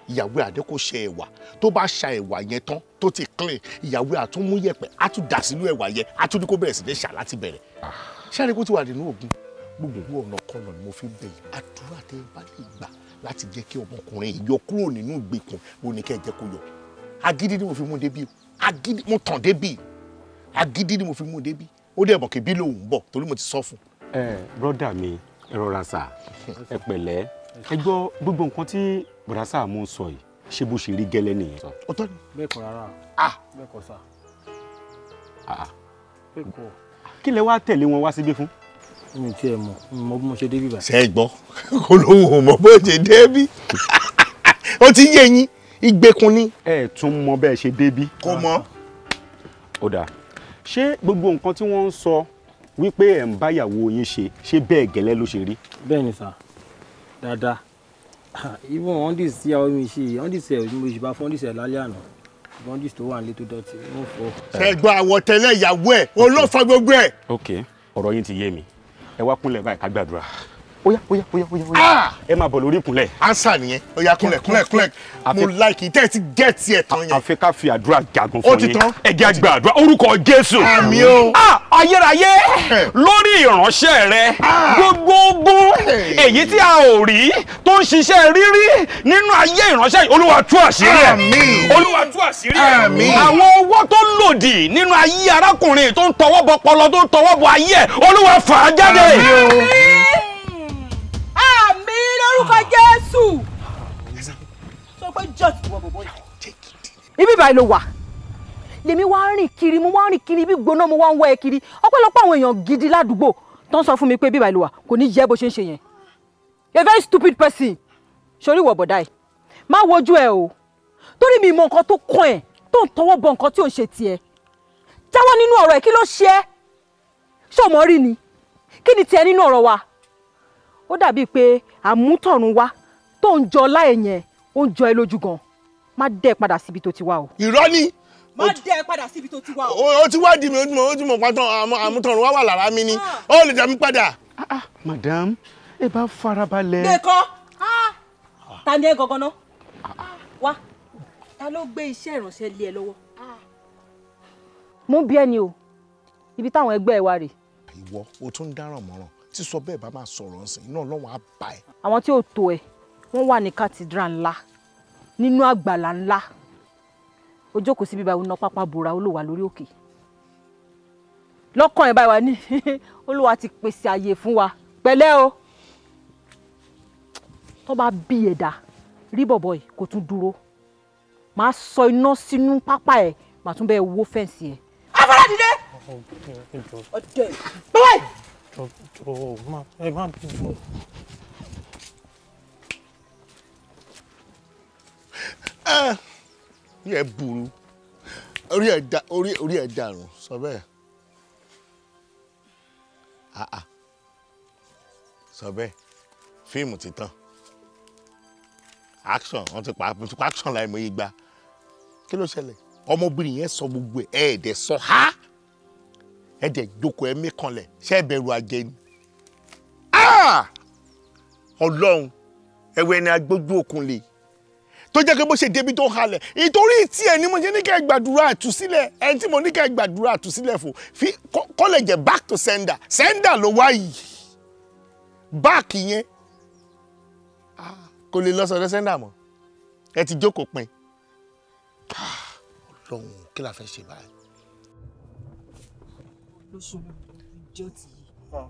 ìyàwó àdékò ṣe ẹ̀wà tó bá ṣa ẹ̀wà yẹn tán tó ti clean ìyàwó àtúnmú yẹ̀pẹ̀ á tún dà sínú ẹ̀wà yẹn á tún ní kó bẹ̀rẹ̀ sí ní ṣà láti bẹ̀rẹ̀ ṣáàrí kó ti wà nínú ògùn gbogbo ọ̀nà kọ̀nà ni mo fi bẹ̀yìn àdúrà tẹ́ ẹ bá lè gbà láti jẹ́ kí ọmọkùnrin yìí yọ kúrò nínú ìgbèkùn òní kẹ́ ẹ jẹ́ kó yọ agídí ni mo fi mú débi agídí mo tàn débi agídí ni mo fi mú débi ó dẹ̀ bọ̀ kébí lòun bọ̀ torí mo ti sọ fún. ẹ broda mi ẹ rọra sà ẹ pẹ̀lẹ́ ẹ gbọ́ gbogbo nǹkan tí bọ̀dá sà mú sọ yìí ṣé bó ṣe rí gẹ́lẹ́ nìyẹn. ó tọ́ ni. bẹ́ẹ̀ kọ́ rárá ah! bẹ́ẹ̀ kọ́ sà. Ah! bẹ́ẹ̀ kọ́. kí lẹ wá tẹ̀lé wọn wá síbí fún. mi ti ẹ mọ mo bí mo ṣe débí báyìí. sẹ́ẹ̀ gbọ́ kó ò mọ bó ṣe débí ó ti yé yín ìgbèkùn ni. ẹ tún mọ bẹ́ẹ̀ ṣe débí. kò mọ. ó dáa ṣé gbogbo nǹkan tí wọ́n ń sọ wípé ẹ̀ ń báyàwó yín ṣe ṣé bẹ́ẹ̀ gẹ́lẹ́ ló ṣe rí. bẹ́ẹ̀ ni sà dáadáa even hundis tí àwọn mi ṣe hundis ẹ̀ mo ṣe bá fún hundis ẹ̀ lálẹ́ àná hundis tó wà nílé tó dọ̀tí mo fọ. ẹgbẹ́ àwọ̀tẹ́lẹ̀ ìyàwó ẹ̀ olófa gbogbo ẹ̀. ok ọ̀rọ̀ yín ti yé mi ẹ wá kúnlẹ̀ báyìí ká gbàdúrà oya oya oya oya ah! ẹ máa bọ̀ lórí ìkúnlẹ̀. ansa nìyẹn oya kúnlẹ̀ kúnlẹ̀ kúnlẹ̀ mo like tẹ́ ẹ ti ẹ̀ tán yẹn. àfi fi àdúrà jagun fún yín ẹ jẹ́ àgbà àdúrà orúkọ jésù. àmín o. Ah, ayérayé lórí ìránṣẹ́ rẹ ah. gbogbo ogun èyí tí a ò rí tó ń ṣiṣẹ́ rírí nínú ayé ìránṣẹ́ olúwa tú àṣírí ẹ̀ olúwa tú àṣírí ẹ̀ àwọn owó tó lòdì nínú ayé arákùnrin tó ń tọwọ́ bọ pọlọ tó ń tọwọ́ bọ ayé ẹ̀ olúwa fà á jáde lórúkọ Jésù. sọ pé jọ́ọ̀tì wọ bọ̀bọ̀ yìí. ibi ìbàyìí ló wà lèmi wá rìn kiri mo wá rìn kiri bí gbóná mo wá ń wá ẹ kiri ọ̀pọ̀lọpọ̀ àwọn èèyàn gidi ládùúgbò tó ń sọ fún mi pé bíbá ìlú wa kò ní yẹ bó ṣe ń ṣe yẹn a very stupid person sori wọ bọ̀dá ẹ̀ má wojú ẹ o torí mi mọ nǹkan tó kàn ẹ̀ tó ń tọwọ́ bọ nǹkan tí ò ń ṣe tiẹ̀ jáwọ́ nínú ọ̀rọ̀ ẹ̀ kí ló ṣe ẹ́ ṣọmọ rí ni kí ni tiẹ̀ nínú ọ̀rọ̀ wa ó dàbíi pé àmútọ̀run wá tó ń jọ láì yẹn ó ń jọ ẹ lójú gan má dẹ́ ẹ padà síbi tó ti wá o. irọ́ ni. má dẹ́ ẹ padà síbi tó ti wá o. o ti wá di mi o ti mọ̀ pátán àmútọ̀run wá wà lára mi ni ah. ó lè dá mi padà. Ah, ah. madam ẹ bá farabalẹ̀. gbẹ̀kọ́ e ta ni ẹ gangan náà wá ta ló gbé iṣẹ́ ìránṣẹ́ lé ẹ lọ́wọ́. mo bí ẹni o ibi táwọn ẹgbẹ́ ẹ wá rè. ìwọ o tún dáràn mọ́ràn tí sọ bẹ́ẹ̀ bá máa sọ̀rọ̀ ọ̀sìn iná ọlọ́run á bá ẹ. àwọn tí ò tó ẹ wọ́n wà ní kátìdírà ńlá nínú àgbàlá ńlá ó jókòó síbi báyìí ná pápá bora olówà lórí òkè lọ́kàn ẹ̀ báyìí wà ní <laughs> olúwa ti pèsè àyè fún wa pẹ̀lẹ́ o tó bá bí ẹ̀dá rí bọ̀bọ̀ yìí kò tún dúró màá sọ iná sínú pápá ẹ̀ màá tún wó fẹ́ǹsì ẹ̀. afárá dìde. ọ̀dẹ̀ báyìí jọjọ má ẹ má bínú. orí ẹ burú orí ẹ da orí orí ẹ dàrún sọ bẹ́ẹ̀ àà ah, ah. sọ bẹ́ẹ̀ fíìmù ti tán action wọn ti pa wọn ti pa action láì mọ iye gba kí ló ṣẹlẹ̀ ọmọbìnrin yẹn sọ ha ẹ dẹ̀ jókòó ẹ mí kanlẹ̀ ṣé ẹ bẹ̀rù àjẹ́ ni. Ah! ọlọ́run ẹ̀wẹ̀ ni agbójú òkun lè tó jẹ́ pé bó ṣe débi tó halẹ̀ ìtorí tiẹ̀ ni mo ṣe ní kẹ́ gbàdúrà àtúsílẹ̀ ẹni tí mo ní kẹ́ gbàdúrà àtúsílẹ̀ fún fi kọ́lẹ̀jẹ̀ back to sender sender ló wá yìí back yẹn ah, kò lè lọ sọ̀rọ̀ sender mọ́ ẹ ti jókòó pin ah, ọlọ́run kí la fẹ́ ṣe báyìí lóṣùwọ̀n ìjọ tì yìí. Ah.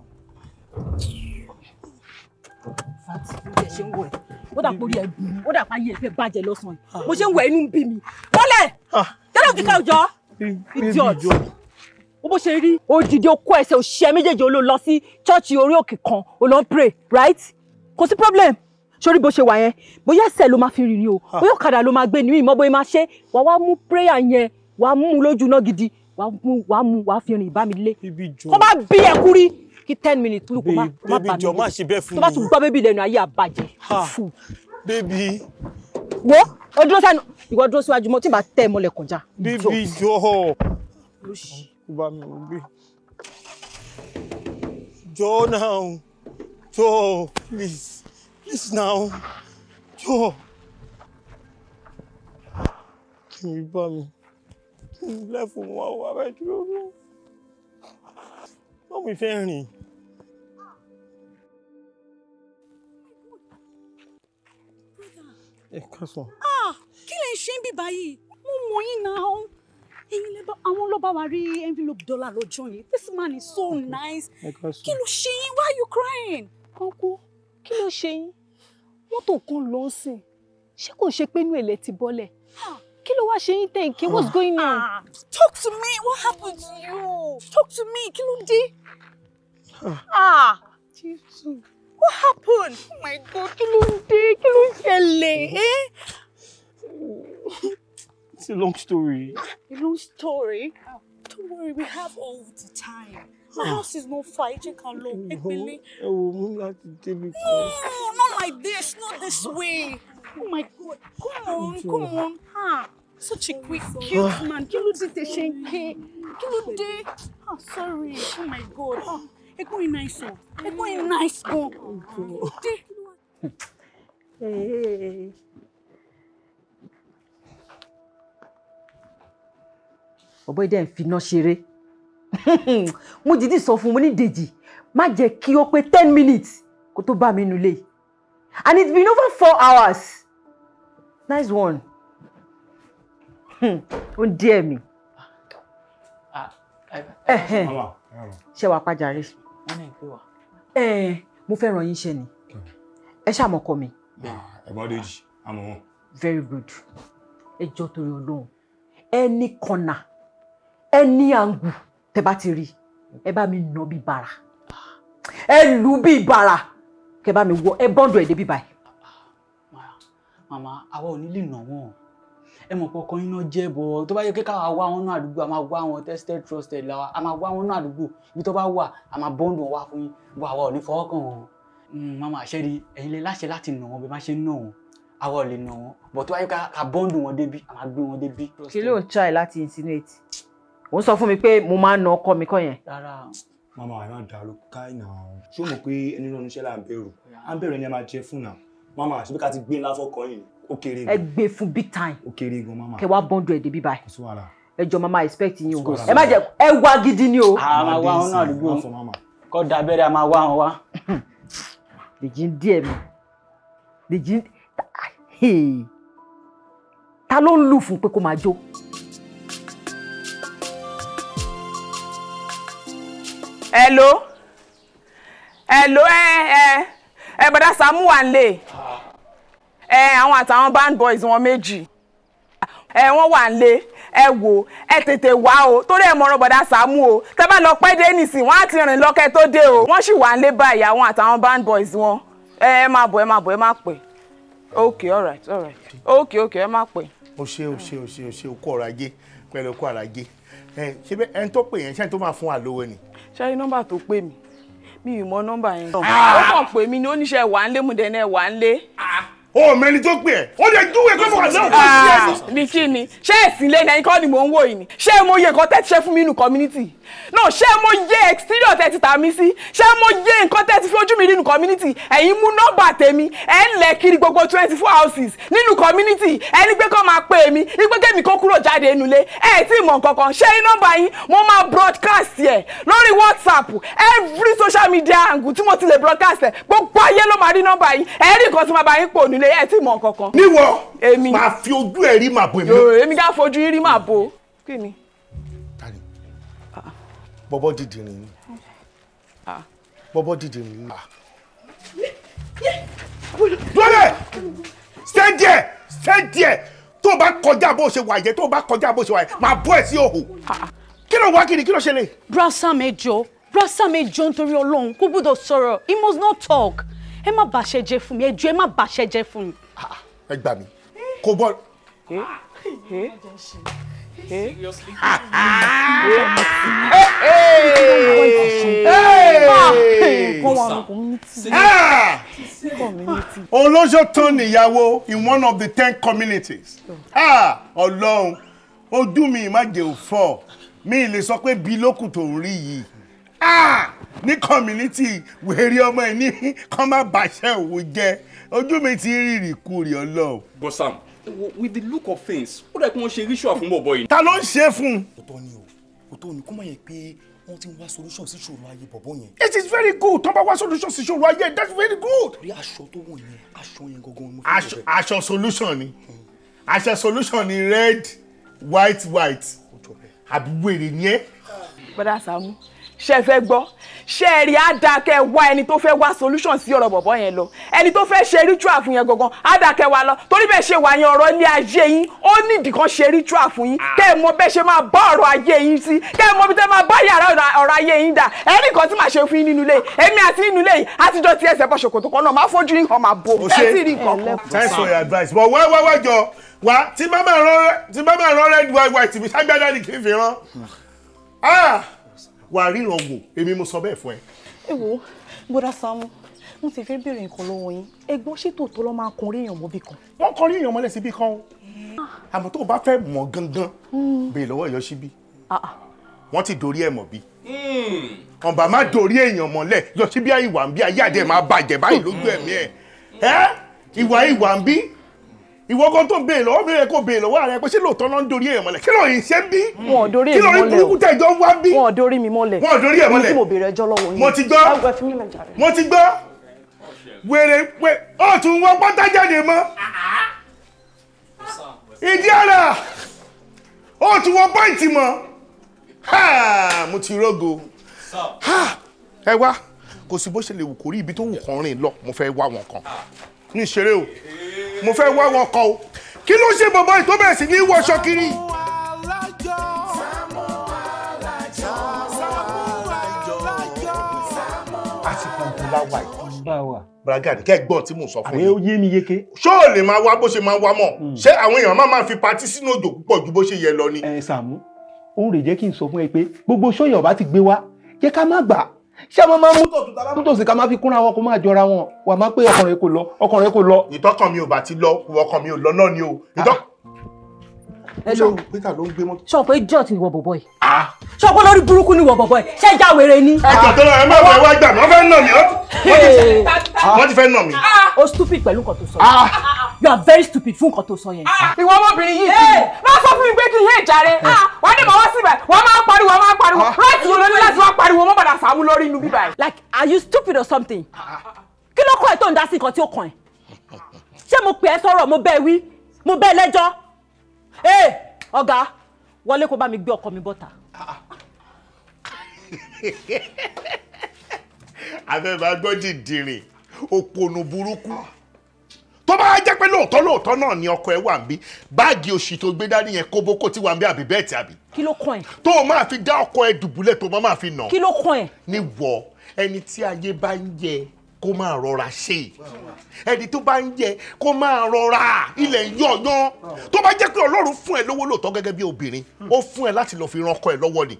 fati mo tẹ ṣe ń wọ ẹ ó dà pé orí ẹ bù mí ó dà pé ayé ẹ fẹ́ bàjẹ́ lọ́sàn yìí mo ṣe ń wọ inú ń bí mi bọ́lẹ̀ ah. tẹ́lẹ̀ òkè ká ọjọ́ idiot ó bó ṣe rí odidi okó ẹsẹ̀ òṣìṣẹ́ méjèèjì ó ló lọ sí ṣọ́ọ̀ṣì orí òkè kan ó lọ pray right kò sí problem sórí bó ṣe wà yẹn bóyá ẹsẹ̀ ló máa fi rìn ní o ah. bóyá ọ̀kadà ló máa gbé ní ìmọ̀ bóyá máa ṣe wàá wá mú prayer yẹn wàá mú un lójú náà gidi wàá mú wàá mú wàá fi irin ìbá mi lé kó má bí ẹkú rí kí ten minutes lù kó má má bà mí tó bá tún gbọ́ bébí lẹ́nu ayé àbàjẹ́ fún. bébí. wo o dúró sẹ́nu ìwọ dúró síwájú mọ́ tí bá tẹ́ ẹ mọ́lẹ̀ kọjá. bébí jọ bá mi ò gbé now jọ please please now jọ kì í mi lẹ́fù wọn wà bẹ́ẹ̀ dúró dúró mọ́mí fẹ́ rìn. ẹ kásán. Ah, kí lè ṣe ń bí báyìí mo mọ yín náà ẹ̀yin lè bá àwọn lọ́ba wa rí envelope dollar lọ́jọ́ yìí this man is so nice kí ló ṣe yín why are you crying. kanku kí ló ṣe yín mọ́tò kan ló ń sìn ṣé kò ṣe pé inú èlé ti bọ́lẹ̀. Ah. kí ló wá ṣe what's going on. Ah, talk to me what happened to you talk to me kí ló ah, ah. Jesus. what happened oh my god kí ló dé kí eh. it's a long story. a long story don't worry we have all the time. My house ah. is not far. Check out low. No, I will move No, not like this. Not this way. Oh my God, come on, come on. Ah, such a quick, cute man. Kí ló dé tẹ ṣe ń ké? Kí Ah, sorry. Oh my God. Ah, It's going nice o. Ẹ̀gbọ́n yìí nice oh! Oh. ló dé? Hmm. Ọ̀bọ̀ ìdẹ́ ń finá ṣeré. <laughs> Mo dìídì sọ fún mo ní Dèjì, má jẹ́ kí ó pé ten minutes kó tó bá mi nulẹ̀. And it's been over four hours nice one hmm. ó ń dí ẹ̀mí. Ah, ah, ah, ṣé wàá pàjáre. mo fẹ́ ràn yín ṣe ni ẹ ṣàmọ̀kọ mi. ẹ̀gbọ́n dèjì àmọ́ wọn. very good ẹ jọ torí Ọlọ́run ẹni kọ̀nà ẹni àǹgù tẹ bá ti rí ẹ bá mi nà bí bara E lù bí bara Ke ba mi wo e bọ́ǹdù ẹ̀ dé bí báyìí màmá àwa ò ní lè nà wọ́n ẹ mọ̀ kọ̀ọ̀kan iná jẹ́ bọ̀ tó bá yẹ kí káwa wá wọn náà àdúgbò a máa wá wọn tested trusted làwa a máa wá wọn náà àdúgbò ibi tó bá wà a máa bọ́ǹdù wọn wá fún yín bọ́ àwa ò ní fọwọ́ kàn wọn. Hmm, màmá àṣẹ́rí ẹ̀yin lè láṣẹ láti nà wọn bí má ṣe ń nà wọn àwa ò lè nà wọn bọ̀ tó bá yẹ ká bọ́ǹdù wọn débi a máa gbé wọn débi. kí ló ń try láti insinuate ò ń sọ fún mi pé mo máa ń na ọkọ mi kọ́ yẹn. rárá màmá àná dàrú káì náà ṣó mọ̀ pé ẹni lọ́nu iṣẹ́ là mama ṣe bí ká ti gbé ńlá fọkàn yìí ó kéré gan. ẹ gbé fún big time. ó kéré gan mama. kẹwàá bọ́ńdù ẹ̀ débi báyìí. kò sí wàhálà. ẹ mama expect yín o ẹ má jẹ ẹ wá gidi ni o. Ah, a máa wá wọn náà dùgbò kọ́ da abẹ́rẹ́ a máa wá wọn wá. dèjì ń díẹ̀ mi dèjì ń ta ló ń lù fún pé kó máa jó. hello hello ẹ ẹ ẹ bọ̀dá Sàámú wà ń lè. Ah ẹ àwọn àtàwọn band boys wọn méjì ẹ wọ́n wà nílé ẹ wò ẹ tètè wá o torí ẹ mọ̀rọ̀ bọ̀dá Sàámú o tẹ́ bá lọ pẹ́ dé nìsín wọ́n á ti rìn lọ́kẹ́ tó dé o wọ́n sì wà nílé báyìí àwọn àtàwọn band boys wọn ẹ ẹ máa bọ̀ ẹ máa bọ̀ ẹ máa pẹ́ okay alright alright okay okay ẹ máa pẹ́. o ṣe o ṣe o ṣe o ṣe o kó ọrọ̀ ajé pẹ̀lú kó ọrọ̀ ajé ẹ ṣe bẹ ẹni tó pè yẹn ṣẹ́ni tó máa fún wa lówó ni. ṣáyé nọ́mbà tó pè mí mi ì mọ nọ́mbà yẹn. Ah! ó kàn pè mí ni ó wà ń lé mu dẹ́nẹ́ wà ń lé o mẹni tó pè ẹ ó lè júwe pé mo wà náà. ní ah, kí ni ṣé ẹ̀sìn lẹ́yìn ẹ̀yìn kan ni mò ń wò yìí ni ṣé mo yẹ nǹkan tẹ́ ṣe fún mi nínú community No, ṣé mo yẹ exterior tẹ́ ti tà mí sí ṣé mo yẹ nǹkan tẹ́ ti fojú mi nínú community ẹ̀yin mú nọ́mbà tèmi ẹ̀ ń lẹ̀ kiri gbogbo twenty four houses nínú community ẹni pé kọ́ máa pè mí ní pé kémi kó kúrò jáde inú ilé ẹ̀ tí mọ̀ kankan ṣé nọ́mbà yín mo máa broadcast ẹ̀ lórí whatsapp every social media angle tí mo ti lè broadcast ẹ̀ gbogbo ayé ló máa rí nọ́mbà yín ẹ̀ẹ́rì kan tí mo bá yín pò níl lè yẹ ti mọ kankan. níwọ èmi máa fi ojú ẹ rí màbo èmi. yòò èmi ká fojú yín rí màbo kí ni. tani ah. bọ́bọ́ dìdì rìn ni ah. bọ́bọ́ dìdì rìn ni. dúró ṣé díẹ̀ ṣé díẹ̀ tó o bá kọjá bó o ṣe wà yẹ tó o bá kọjá bó o ṣe wà yẹ máa bọ́ ẹ sí òhò ah, kí ló wá kiri kí ló ṣẹlẹ̀. brasa mẹjọ brasa mẹjọ nítorí Ọlọ́run kò gbọ́dọ̀ sọ̀rọ̀ he must not talk ẹ má bàṣẹ jẹ fún mi ẹ jọ̀ọ́ ẹ má bàṣẹ jẹ fún mi. Ah, ah, ẹ gbà mí kò bọ. olóṣò tán nìyàwó in one of the ten communities ah, ọlọ́run ojú mi má jẹ́ òfò mi lè sọ pé bí lókùn tó ń rí yìí Ah! ní community wèrè ọmọ ẹ ní kán má bàṣẹ òwò jẹ ojú mi ti rí ìrìkúrì ọlọ́run. bọ́sàm with the look of things ó dẹ̀ kí wọ́n ṣe ritual fún bọ̀bọ̀ yìí. ta ló ń ṣe fún. òótọ́ ni o òótọ́ ni kó má yẹ pé wọ́n ti wá solution sí ìṣòro ayé bọ̀bọ̀ yẹn. it is very good tó bá wá solution sí ìṣòro ayé that's very good. rí aṣọ tó wọ̀ yẹn aṣọ yẹn gangan ni mo aṣọ solution ni aṣọ solution ni red white white àbí wèrè ni ẹ. bọ́dà Sàámú ṣe fẹ́ gbọ́ ṣe rí àdàkẹ́ wá ẹni tó fẹ́ wá solution sí ọ̀rọ̀ bọ̀bọ̀ yẹn lọ ẹni tó fẹ́ ṣe ritual fún yẹn gangan àdàkẹ́ wá lọ torí bẹ́ẹ̀ ṣe wà yẹn ọ̀rọ̀ ilé ayé yín ó ní ìdìkan ṣe ritual fún yín kẹ́ ẹ mọ bẹ́ẹ̀ ṣe máa bá ọ̀rọ̀ ayé yín sí kẹ́ ẹ mọ bí tẹ́ máa bá yàrá ọ̀rọ̀ ayé yín dà ẹnì kan tí màá ṣe fún yín nínú ilé èmi àti nínú ilé yìí àtijọ́ ti ẹsẹ̀ bọ́ ṣòkòtò kan náà máa fojú yín hàn máa bò ẹ sì rí nǹkan. thanks for your advice but wá wá wá jọ wá tí bá máa rán red white white tìbí ságbádá ni kì í fi rán. Ah! wàá ríran wò èmi mo sọ bẹ́ẹ̀ fún ẹ. ẹ wo bọ́dà Sàámú mo sì fẹ́ bèrè nǹkan lọ́wọ́ yín ẹgbọ́n ṣètò tó lọ́ máa kọrin èèyàn mọ́ bí kan. wọ́n kọrin èèyàn mọ́lẹ̀ síbí kan o àmọ́ tó o bá fẹ́ mọ̀ gangan hmm. bèrè lọ́wọ́ ìyọ́ síbí ah, ah. wọ́n ti dorí ẹ̀ mọ̀ bí. Hmm. ọ̀bà má dorí èèyàn mọ́lẹ̀ yọ síbí àìwà ń bí ayé àdé máa bàjẹ́ báyìí lójú ẹ̀mí ẹ̀ hmm. ìwà ìwà ń bí ìwọ gan tó ń béèrè lọ́wọ́ mi rẹ̀ kó béèrè lọ́wọ́ rẹ̀ pé ṣé lóòótọ́ ló ń dorí ẹ̀ mọ́lẹ̀ kí ló yìí ṣe ń bí. wọn ò dorí ẹ̀ mọ́lẹ̀ o kí ló yìí burúkú tẹ̀ jọ ń wá bí. wọn ò dorí mi mọ́lẹ̀ wọn ò dorí ẹ̀ mọ́lẹ̀ mo béèrè ẹjọ́ lọ́wọ́ yín. mo ti gbọ́ mo ti gbọ́ wèrè pé ó tún wọ́n pátá jáde mọ́ ìdí ara ó tún wọ́n pọ́ìntì mọ́ mo ti rógo ẹ wá kò sí bó ṣe lè wù kórí ibi tó wù kàn rìn lọ mo fẹ́ wá wọn kan ní ìṣeré o mo fẹ́ wá wọn kọ o kí ló ṣe bọ̀bọ̀ yìí tó bẹ̀rẹ̀ sí ní wọṣọ kiri. àsìkò ògùn la wà yìí. Bragadi kẹ́ gbọ́n tí mò ń sọ fún yín. Àwọn yé mi yeke. Ṣé o lè máa wá bó ṣe máa wá mọ̀? Hmm. Ṣé àwọn èèyàn máa máa fi patí sínú òjò púpọ̀ ju bó ṣe yẹ lọ ni? Ẹ Sàmú, òun rè jẹ́ kí n sọ fún ẹ pé gbogbo ṣóyìn ọ̀bá ti gbé wá, yẹ ká má gbà á ṣé a máa máa mú tòtù tàbá mú tòsí ká máa fi kúnra wọn kó máa jọra wọn wà máa pé ọkùnrin kò lọ ọkùnrin kò lọ. ìtọ́kàn mi ò bá ti lọ ọkàn mi ò lọ náà ni o. hello ah. peter ló ń gbé mọ́tò. sọ pé jọ́ọ̀tì ni wọ bọ̀bọ̀ yìí. sọ ah. pé lórí burúkú ni wọ bọ̀bọ̀ yìí ṣé ìjà wèrè ni. àtọ̀tọ̀ ẹ má wẹ̀ wá gbà mí fẹ́ nà mí wọ́n ti fẹ́ nà mí. Ah. o stupid pẹ̀lú nǹkan tó sọ you are very stupid fún nǹkan tó sọ yẹn. Ah! ìwọ ọmọbìnrin yìí ti má sọ fún mi pé kí n yé ìjà rẹ wà á dé màá wá sí ibẹ̀ wà á máa pariwo wà á máa pariwo láti wo lórí láti wá pariwo mọ́ padà sàmú like are you stupid or something? kí ló kọ́ ẹ̀ tó ń dá sí nǹkan tí ó kàn ẹ́ ṣé mo pè ẹ́ sọ̀rọ̀ mo bẹ́ẹ̀ wí mo bẹ́ẹ̀ lẹ́jọ́ ee ọ̀gá wọlé kó bá mi gbé ọkọ mi bọ́ta. àfẹ́ <laughs> bá gbọ́ dìndìnrín òpònú burúkú tó bá jẹ́ pé lóòótọ́ lóòótọ́ náà ni ọkọ ẹ wà ń bí báàgì òṣì tó gbé dání yẹn kóbókó tí wà ń bí àbí bẹ́ẹ̀ tí àbí. kí ló kàn ẹ́. tó o máa fi dá ọkọ ẹ dùbúlẹ̀ tó o máa fi nà. kí ló kàn ẹ́. ní wọ ẹni tí ayé bá ń jẹ kó máa rọra ṣe ẹni tó bá ń jẹ kó máa rọra ilẹ̀ ń yọ̀yán tó bá jẹ́ pé ọlọ́run fún ẹ lówó lóòótọ́ gẹ́gẹ́ bí obìnrin ó fún ẹ láti lọ fi ran ọkọ ẹ lọ́wọ́ ni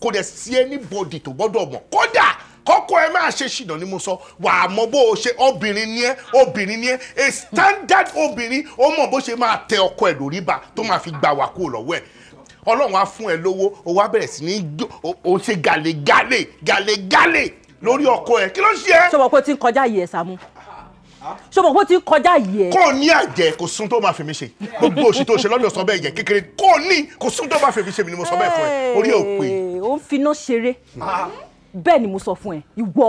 kò dẹ̀ sí anybody tó gbọ́dọ̀ mọ̀ kódà kọ́kọ́ ẹ máa ṣe ṣìnà ni mo sọ wà á mọ bó o ṣe obìnrin ni ẹ obìnrin ni ẹ a standard obìnrin ó mọ bó ṣe máa tẹ ọkọ ẹ lórí bá tó máa fi gba wà kúrò lọ́wọ́ ẹ ọlọ́run á fún ẹ lówó o wá bẹ̀rẹ̀ sí ní o ṣe gàlégàlé gàlégàlé lórí ọkọ ẹ kí ló ṣe ẹ. sọ ma pé o ti ń kọjá yìí ẹ Sàámú ṣé mo kó ti kọjá yìí ẹ. kò ní àjẹ kò sún tó máa fèmí ṣe gbogbo òṣì tó ṣe lọ́dún ọ̀sán bẹ́ẹ̀ yẹn kékeré kò ní kò sún tó máa fèmí ṣe mi ni mo sọ bẹ́ẹ̀ fún ẹ orí ò pé. ó ń finá ṣeré hmm bẹ́ẹ̀ ni mo sọ fún ẹ ìwọ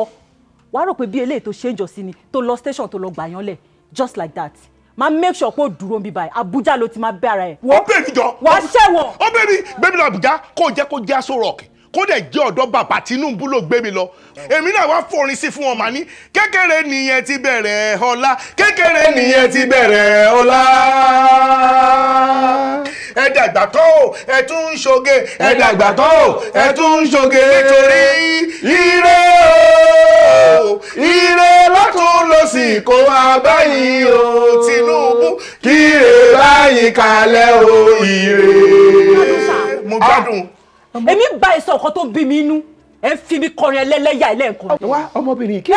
wàá rò pé bí eléyìí tó ṣe ń jọ sí ni tó lọ station tó lọ gbà yán lẹ̀ just like that máa make sure pé ó dúró bí báyìí Abuja ló ti máa bẹ́ ara ẹ̀. ó bẹ̀ mi jọ wàá ṣẹ̀wọ̀n. ó bẹ̀ mi gbẹ̀mí lọ Abuja kó jẹ́ kó jẹ́ aṣọ rọ̀kì kó dẹ̀ jẹ́ ọ̀dọ̀ bàbá Tinubu ló gbé mi lọ èmi náà wá forin sí fún wọn mà ní kékeré nìyẹn ti bẹ̀rẹ̀ ọlá kékeré nìyẹn ti bẹ̀rẹ̀ ọlá ẹ dàgbà tó o ẹ tún ń ṣoge ẹ dàgbà tó o ẹ tún ń ṣoge nítorí ire o ire látún lọ sí kó wá báyìí o Tinubu kí ire báyìí kalẹ̀ o ire. mo gbádùn ah, èmi bá ẹ sọ ọkọ tó bí mi inú ẹ ń fi mi kọrin ẹlẹ́lẹ́yà ẹlẹ́ǹkan. wá ọmọbìnrin kí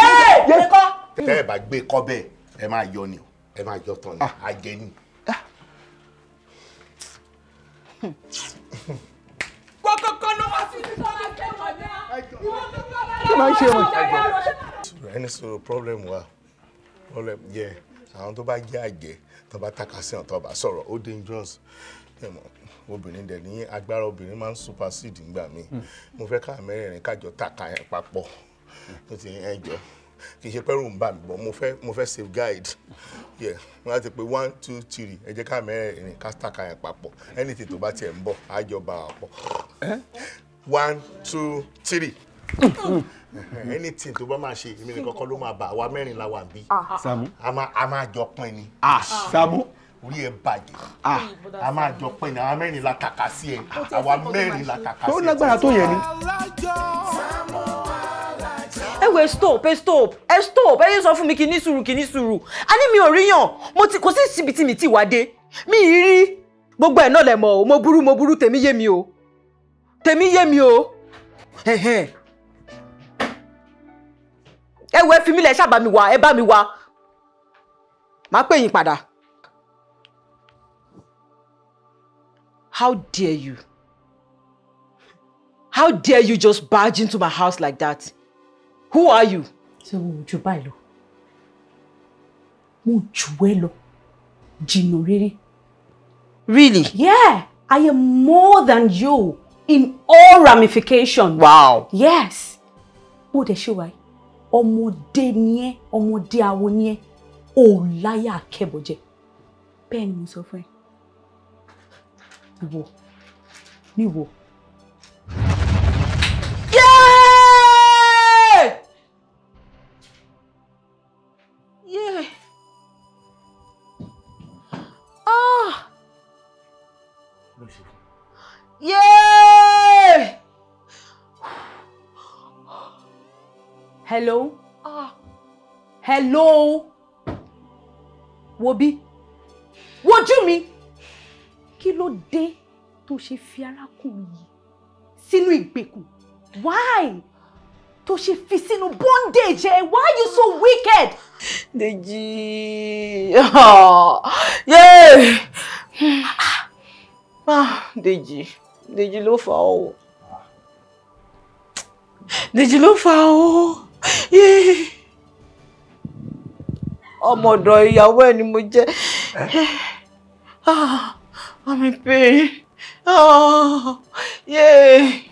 ló ń kọ́. tẹ́ ẹ bá gbé kọ́ bẹ́ẹ̀ ẹ máa yọ ni ẹ máa yọ tán ni àjẹ ah. ni. Ah. kókókó ló wá sí ní sọ́lá kẹwàá náà ìwọ́n tó bá bá lọ́wọ́ ọ̀dọ́ ẹni sọ̀rọ̀ problem wa problem yẹ àwọn tó bá jẹ́ àjẹ́ tó bá takasí àwọn tó bá sọ̀rọ̀ ó dangerous obìnrin dẹ̀ ní agbára obìnrin máa ń supersede ńgbà míì hmm. mo fẹ́ ká mẹ́rẹ̀ẹ̀rin kájọ tàka yẹn papọ̀ tó ti yẹn jọ kì í ṣe pẹ́rù ń bà mí bọ̀ mo fẹ́ mo fẹ́ save guide yẹ wọ́n á ti pé one two three ẹ jẹ́ ká mẹ́rẹ̀ẹ̀rin ká tàka yẹn papọ̀ anything tó bá tiẹ̀ ń bọ̀ á jọ bá a pọ̀ one two three anything tó bá máa ṣe èmi nìkan kọ́ ló máa bà wá mẹ́rin la wà bí a máa jọ pín ni. Ah, orí ẹ bàjẹ́ ah. a máa jọ pé àwọn mẹ́rin la kàkà sí ẹ àwa mẹ́rin la kàkà sí ẹ. tó lágbára tó yẹ ni. ẹ wo stop ẹ stop ẹ stop ẹ yẹ sọ fún mi kí ní sùúrù kí sùúrù a ní mi ò ríyàn mo ti kò sí síbi tí mi ti wá dé mi ì rí gbogbo ẹ̀ náà lẹ̀ mọ̀ o mo burú mo burú tèmi yé mi o tèmi yé mi o ẹ wo ẹ fi mi lẹ ṣáà bá ẹ bá mi wá màá pè yín padà. How dare you? How dare you just barge into my house like that? Who are you? So mo jù báyìí lọ? Mo jù ẹ́ Really? Yeah, I am more than you in all ramifications. Wow. Yes. Ó dẹ̀ ṣe wáyé. Ọmọdé ni ẹ́, ọmọdé awo ni ẹ́. Ò láyà akẹ́bọ̀jẹ. Bẹ́ẹ̀ ni mo Níbo? Níbo? Yeah! Ah! Yeah! Hello? Ah. Hello? Wobi? you mean? kí ló dé tó ṣe fi arákùnrin yìí sínú ìgbèkùn why tó ṣe fi sínú bondage ẹ why you so wicked. Deji, <laughs> ah, Dèjì Deji, ló fà á o Dèjì ló fà á o ọmọ ọ̀dọ̀ ìyàwó ẹ̀ ni mo jẹ́. Eh? Ah. I'm in pain. Oh, yay.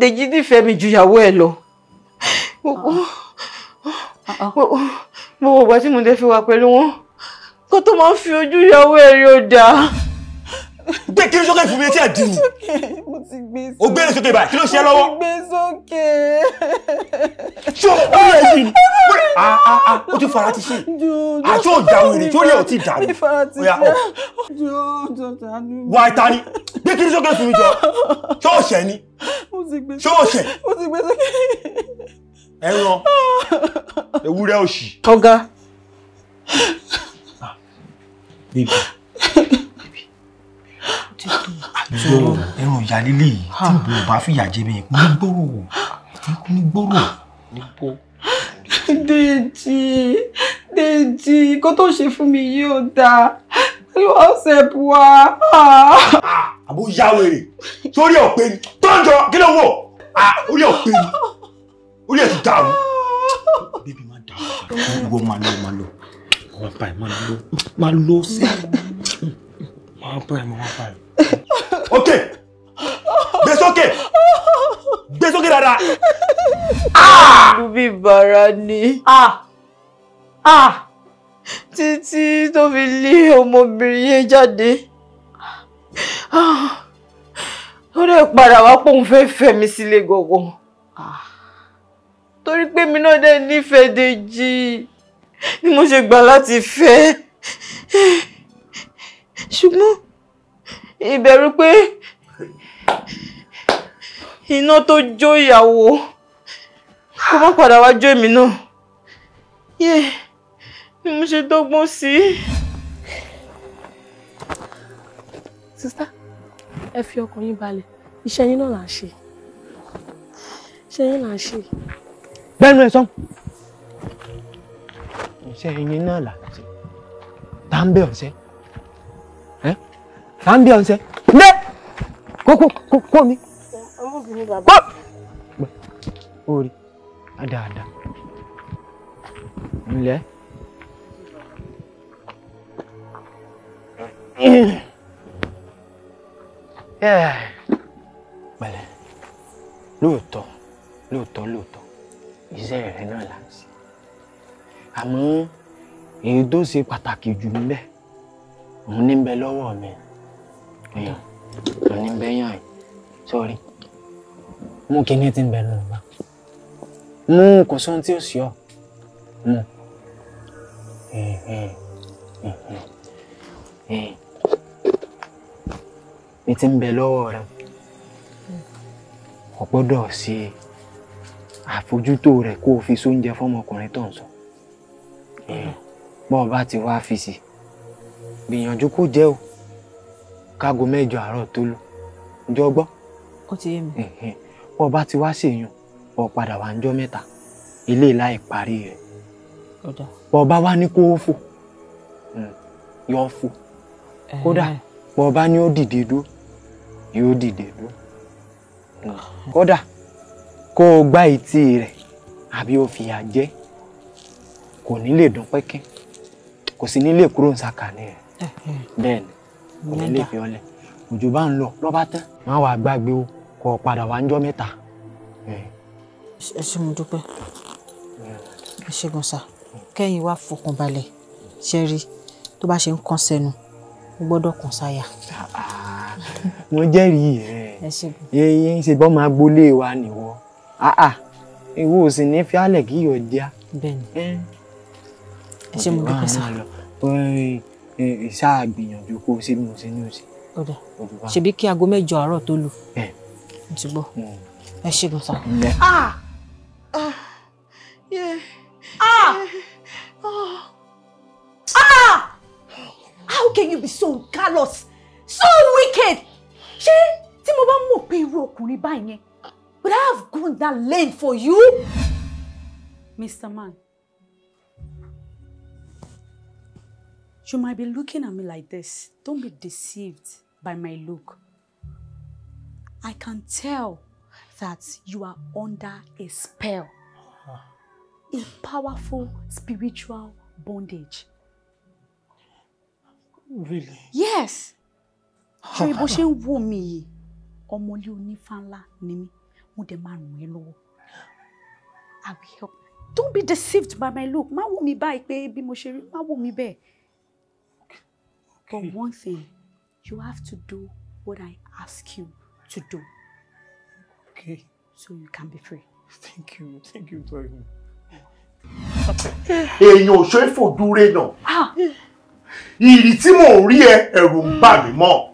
Dèjì nífẹ̀ẹ́ mi ju ìyàwó ẹ̀ lọ. Gbogbo ìgbà tí mo dé fi wà pẹ̀lú wọn, kó tó máa ń fi ojú ìyàwó ẹ̀ rí ó dáa gbé kí ló sókè fún mi tí ẹ dì mí. mo ti gbé sókè. o gbé lè sókè báyìí kí ló ṣe lọ́wọ́. mo ti gbé sókè. ṣé o kúrò ẹ yìí o ti fara ti ṣe àti o dà wèrè tí o lè o ti dà wèrè. o yà ọ. wà á ta ni gbé kí ló sókè fún mi jọ ṣọ́ọ̀ṣẹ̀ O ṣọ́ọ̀ṣẹ̀. mo ti gbé sókè. ẹran ewúrẹ́ òṣì. ọ̀gá. bíbí. Ah, àjọ ẹnu ìyá líle yìí tí ìbò ò bá fìyà jẹ mi ní gbòòrò ní gbòòrò ní Dèjì Dèjì kó tó ṣe fún mi yìí dáa ló ọ̀sẹ̀ bu wa. ya wèrè sórí ọ̀pẹ ni tó ń jọ kí ló wò orí ọ̀pẹ ni orí ẹ̀ ti dàrú. bébí má dàrú ìwọ máa lọ máa lọ wọn báyìí máa lọ máa lọ sí. wọn báyìí wọn báyìí ok gbé sókè gbé sókè dáadáa. Ah! bí bàrà ni ah! Ah! títí tó fi lé ọmọbìnrin yẹn jáde ó dẹ̀ padà wá pòun fẹ́ fẹ́ mi sílé gọ̀gàn torí pé mi náà dẹ̀ nífẹ̀ẹ́ Dèjì ni mo ṣe gbà láti fẹ́ ṣùgbọ́n ìbẹ̀rù pé iná tó jó ìyàwó kó má padà wá jó èmi náà yé ni mo ṣe dọ́gbọ́n sí. sista ẹ fi ọkàn yín balẹ̀ iṣẹ́ yín náà là ń ṣe iṣẹ́ yín là ń ṣe. gbẹ́nu ẹ̀ sọ́n iṣẹ́ yín náà là ń ṣe tá ń bẹ̀ ọ̀sẹ̀ à ń bí ọ̀nsẹ̀ ndé kókó kókó mi. kó orí àdáadáa ńlẹ. pẹ̀lẹ́ lóòótọ́ lóòótọ́ lóòótọ́ iṣẹ́ rẹ̀ náà là ń ṣe àmọ́ èyí tó ṣe pàtàkì jù ń bẹ òun ní ń bẹ lọ́wọ́ mi ẹ̀yà àní bẹ́yà ẹ̀ sọ́rí mú kíní tí ń bẹ lọ́nà bá mú kò sóhun tí ó sì ọ́ mú ní tí ń bẹ lọ́wọ́ rẹ o gbọ́dọ̀ ṣe àfojútó rẹ kó o fi sóúnjẹ fọmọkùnrin tó ń sọ bọ́ọ̀ bá ti wá fi sí gbìyànjú kó jẹ́ o. Mm. kágo mẹ́jọ àárọ̀ tó lù ǹjọ́ gbọ́. ó ti yé mi. bọ́ ọba ti wá ṣèyàn ọ padà wá ńjọ́ mẹ́ta ilé láì parí rẹ̀. bọ́ ọba wá ní kó o fò yọ fò kódà bọ́ ọba ní ó dìde dúró yóò dìde dúró kódà kó o gbá etí rẹ̀ àbí o fìyà jẹ kò ní lè dún pẹ́kẹ́ kò sì ní lè kúrò ń sàkà rẹ̀ bẹ́ẹ̀ ni. òní lè fi ọlẹ̀ òjò bá ń lọ lọ́ba tán má wàá gbàgbé o kọ́ ọ padà wá ń jọ́ mẹ́ta. ẹ ṣé mo dúpẹ́ ẹ ṣé gan kẹ́yìn wá fọkànbalẹ̀ ṣe rí tó bá ṣe ń kàn sẹ́nu ó gbọ́dọ̀ kàn sáyà. <laughs> mo jẹ́rìí ẹ̀ yẹ́yẹ́ ń ṣe bọ́ máa gbolé wa nìwọ ìwọ ò sì ní fíálẹ̀ kí yọ̀ díá. bẹ́ẹ̀ni ẹ ṣé mo dúpẹ́ sá ṣáà gbìyànjú kó ṣe bí mo ṣe ní kí aago mẹ́jọ àárọ̀ tó lù. bẹ́ẹ̀ ti gbọ́ ẹ ṣe gan ah! Ah! ah yeah ah ah how can you be so callous so wicked ṣé tí mo bá mọ̀ pé irú ọkùnrin báyìí yẹn would I have gone that lane for you. Mr. Man. You might be looking at me like this. Don't be deceived by my look. I can tell that you are under a spell, uh-huh. a powerful spiritual bondage. Really? Yes. Ṣé bó ṣe ń wò mí yìí, ọmọ ilé onífá ni mí, mo dẹ̀ máa ràn ẹ́ lọ́wọ́. I will help. Don't be deceived by my look. Má wò mí báyìí pé bí mo ṣe rí, má wò mí bẹ́ẹ̀. But hmm. one thing, you have to do what I ask you to do. Okay. So you can be free. Thank you. Thank you very much. Hey, eh, ò ṣe for fòdúré now. Ah, tí mò ń rí ẹ ẹ̀rù ń bà mí mọ́.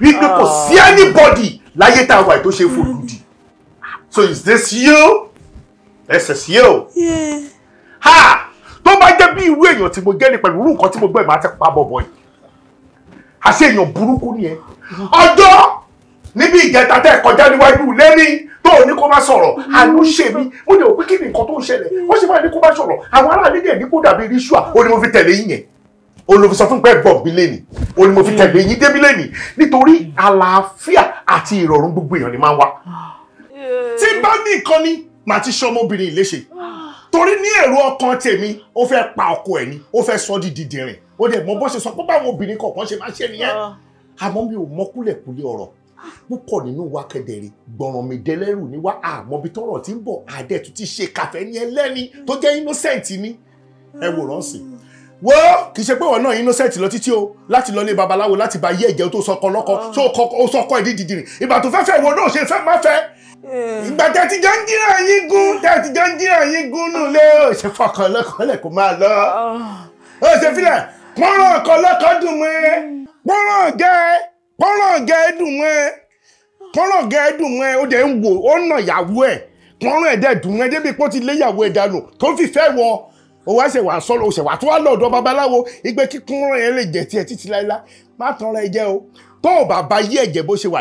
Wípé kò ah. anybody láyé tá a to tó for fòdùdì. So is this you? This is you. Yeah. Ha! Tó bá jẹ́ bí irú èèyàn tí mo gẹ́ ni pẹ̀lú irú nǹkan tí mo gbọ́ ìmọ̀ àti pa bọ̀bọ̀ yìí àṣé èèyàn burúkú nìyẹn ọjọ́ níbi ìjẹta tẹ́ kọjá níwájú lẹ́ni tó o ní kó má sọ̀rọ̀ àánú ṣe mí mo ní òpin kí ni nǹkan tó ń ṣẹlẹ̀ wọ́n sì máa ní kó má sọ̀rọ̀ àwọn aráàlú dẹ̀ ní kó dàbí ríṣùà ó ní mo fi tẹ̀lé yín yẹn ó ló fi sọ fún pé gbọ̀n mi lé ní ó ní mo fi tẹ̀lé yín débi lé nítorí àlàáfíà àti ìrọ̀rùn gbogbo èèyàn ni máa ń wá. tí bá ní nǹkan ni màá ti ṣe ọmọbìnrin ìléṣe torí ní èrò ọkàn tèmi ó fẹ́ pa ọkọ ẹ̀ ni ó fẹ́ sọ di dìdìrìn mo dẹ̀ mọ bó ṣe sọ pé báwọn obìnrin kọ̀ọ̀kan ṣe máa ṣe nìyẹn àmọ́ mi ò mọ kúlẹ̀kúlẹ̀ ọ̀rọ̀ púpọ̀ nínú wa kẹ̀dẹ̀rẹ̀ gbọ̀ràn mi dẹlẹ́rù ni wá àmọ́ bí tọ́rọ̀ ti ń bọ̀ àdẹ̀ tó ti ṣe kàfẹ́ ní ẹlẹ́ni tó jẹ́ innocent ni ẹ wò ránṣẹ́ wo kì í ṣe pé wọn náà innocent lọ títí o láti lọ lé babaláwo láti bá yé ẹ̀jẹ̀ tó sọkọ lọ́kọ tó o sọkọ ìdí dìdìrì ìgbà tó fẹ́fẹ́ ìwọ náà ṣe fẹ́ má fẹ́ eh. ìgbà tẹ ti jọ ń dínà yín gún tẹ ti jọ ń dínà yín gún nù lé o ṣe fọkàn lọkọlẹ kó máa lọ o ṣe fílẹ̀ pọ́nrán kọlọ́kọ́ dùn mọ́ ẹ pọ́nrán gẹ́ pọ́nrán gẹ́ dùn mọ́ ẹ pọ́nrán gẹ́ dùn mọ́ ẹ ó dẹ̀ ń wò ó nà yàwó ẹ̀ pọ́nrán ẹ̀dẹ̀ dùn mọ́ ẹ débi pọ́ ti lé yàwó ẹ̀ dànù tó fi fẹ́ wọ ó wá ṣe wà sọ́lọ́ ṣe wà tó wá lọ́dọ̀ babaláwo igbe kíkún rán yẹn lè jẹ́ tiẹ̀ títí láíláí má tán ra ẹ jẹ́ o tó o bàbá yí ẹ̀jẹ̀ bó ṣe wà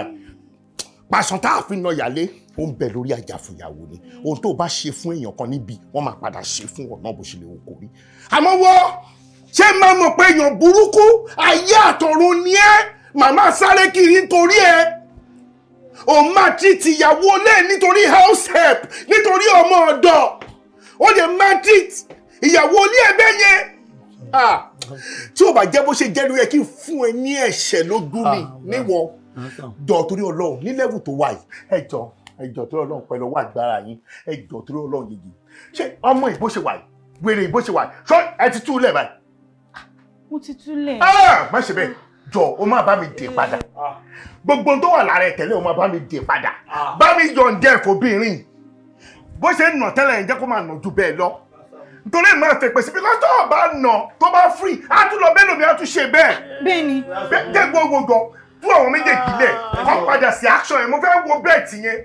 pàṣán tá a fi nà yàlé ó ń bẹ lórí àjà fúnyàwó ni ohun tó bá ṣe fún èèyàn kan níbi wọn máa padà ṣe fún ọ̀nà bó ṣe lè wò kó àmọ́ wọ́ ṣé máa mọ̀ pé èèyàn burúkú ayé àtọ̀run ni ẹ́ màmá sáré kiri nítorí ẹ òun máa ti tìyàwó lé nítorí house help nítorí ọmọ ọ̀dọ̀ ó lè máa ti ìyàwó ilé ẹgbẹ́ yẹn ah, tí ò bá jẹ́ bó ṣe jẹ́ ló yẹ kí n fún ẹ ní ẹ̀ṣẹ̀ lójú mi ah, níwọ jọ torí ọlọ́run ní level tó wà yìí ẹ jọ ẹ jọ torí ọlọ́run pẹ̀lú ọwọ́ àgbára yín ẹ jọ torí ọlọ́run yìí ṣé ọmọ ìbò ṣe wà yìí wèrè ìbò ṣe wà yìí ṣọ ẹ ti tú báyìí mo ti túlẹ̀. má ṣe bẹ́ẹ̀ jọ o máa bá mi dè padà ah. gbogbo tó wà lára ẹ tẹ́lẹ̀ o máa bá mi dè padà ah. bá mi yọ ǹjẹ́ ìfòbìnrin bó ṣe ń nà tẹ́lẹ̀ ǹjẹ́ kó máa nà ju bẹ́ẹ̀ lọ nítorí ìmọ̀ ẹ̀fẹ̀ pèsè bí lọ́sọ̀ bá nà tó bá free á tún lọ bẹ́ẹ̀ lómi á tún ṣe bẹ́ẹ̀. bẹ́ẹ̀ni. bẹ́ẹ̀ gbogbo jọ tú àwọn méjèèjì lẹ̀ kọ́ padà sí action yẹn mo fẹ́ wo bẹ́ẹ̀tì yẹn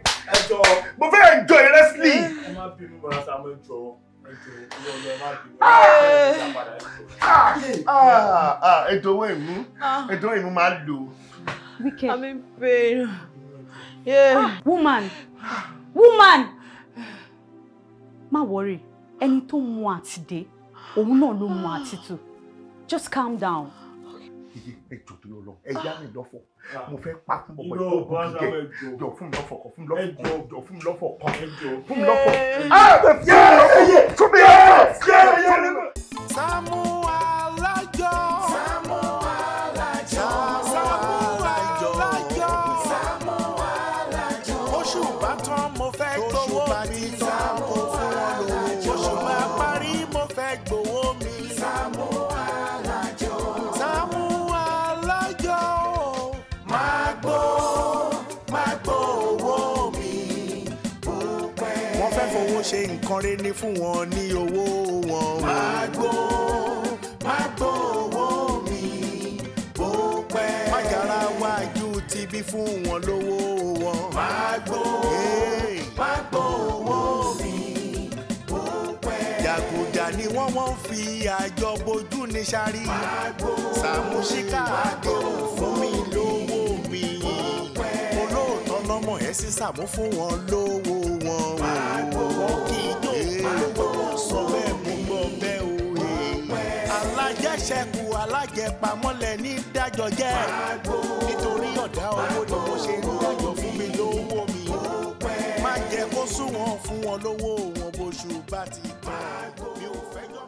mo fẹ́ enjoy wrestling ẹ̀dọ̀ owó ìmú ẹ̀dọ̀ ìmú máa lò. Wicked. I'm in pain. Yeah. woman. Woman. Ma worry. Ẹni tó mu àtìdé, òun náà ló mu àtìtù. Just calm down. Ẹjọ́ tó yọ lọ, ẹ yá mi lọ́fọ̀ọ́. Ah. mo fẹ́ pa fún bọ̀bọ̀ yìí tó gùn jẹ jọ fún mi lọ́fọ̀ kan fún mi lọ́fọ̀ jọ fún mi lọ́fọ̀ kan fún mi lọ́fọ̀ kan. Sámú alájọ. rẹ ní fún wọn ní owó wọn. Magbo Magbo owó mi bó pẹ́. Májàra wájú ti bí fún wọn lówó wọn. Magbo Magbo owó mi bó pẹ́. Jàgòjà ni wọ́n wọ́n fi àjọ bojú ní sáré. Magbo Sàmúsíkà àjọ fún mi lówó mi. Olóòótọ́ lọ́mọ ẹ̀ sísàmú fún wọn lówó wọn. Magbo kí sọ bẹ́ẹ̀ mo gbọ́ bẹ́ẹ̀ o alájẹṣẹ́kù alájẹpamọ́lẹ̀ ní dájọ́ jẹ́ nítorí ọ̀dá owó ni mo ṣe ń dájọ́ fún mi lówó mi má jẹ́ kó sún wọn fún wọn lówó wọn bóṣù bá ti tán mi ò fẹ́ jọ́.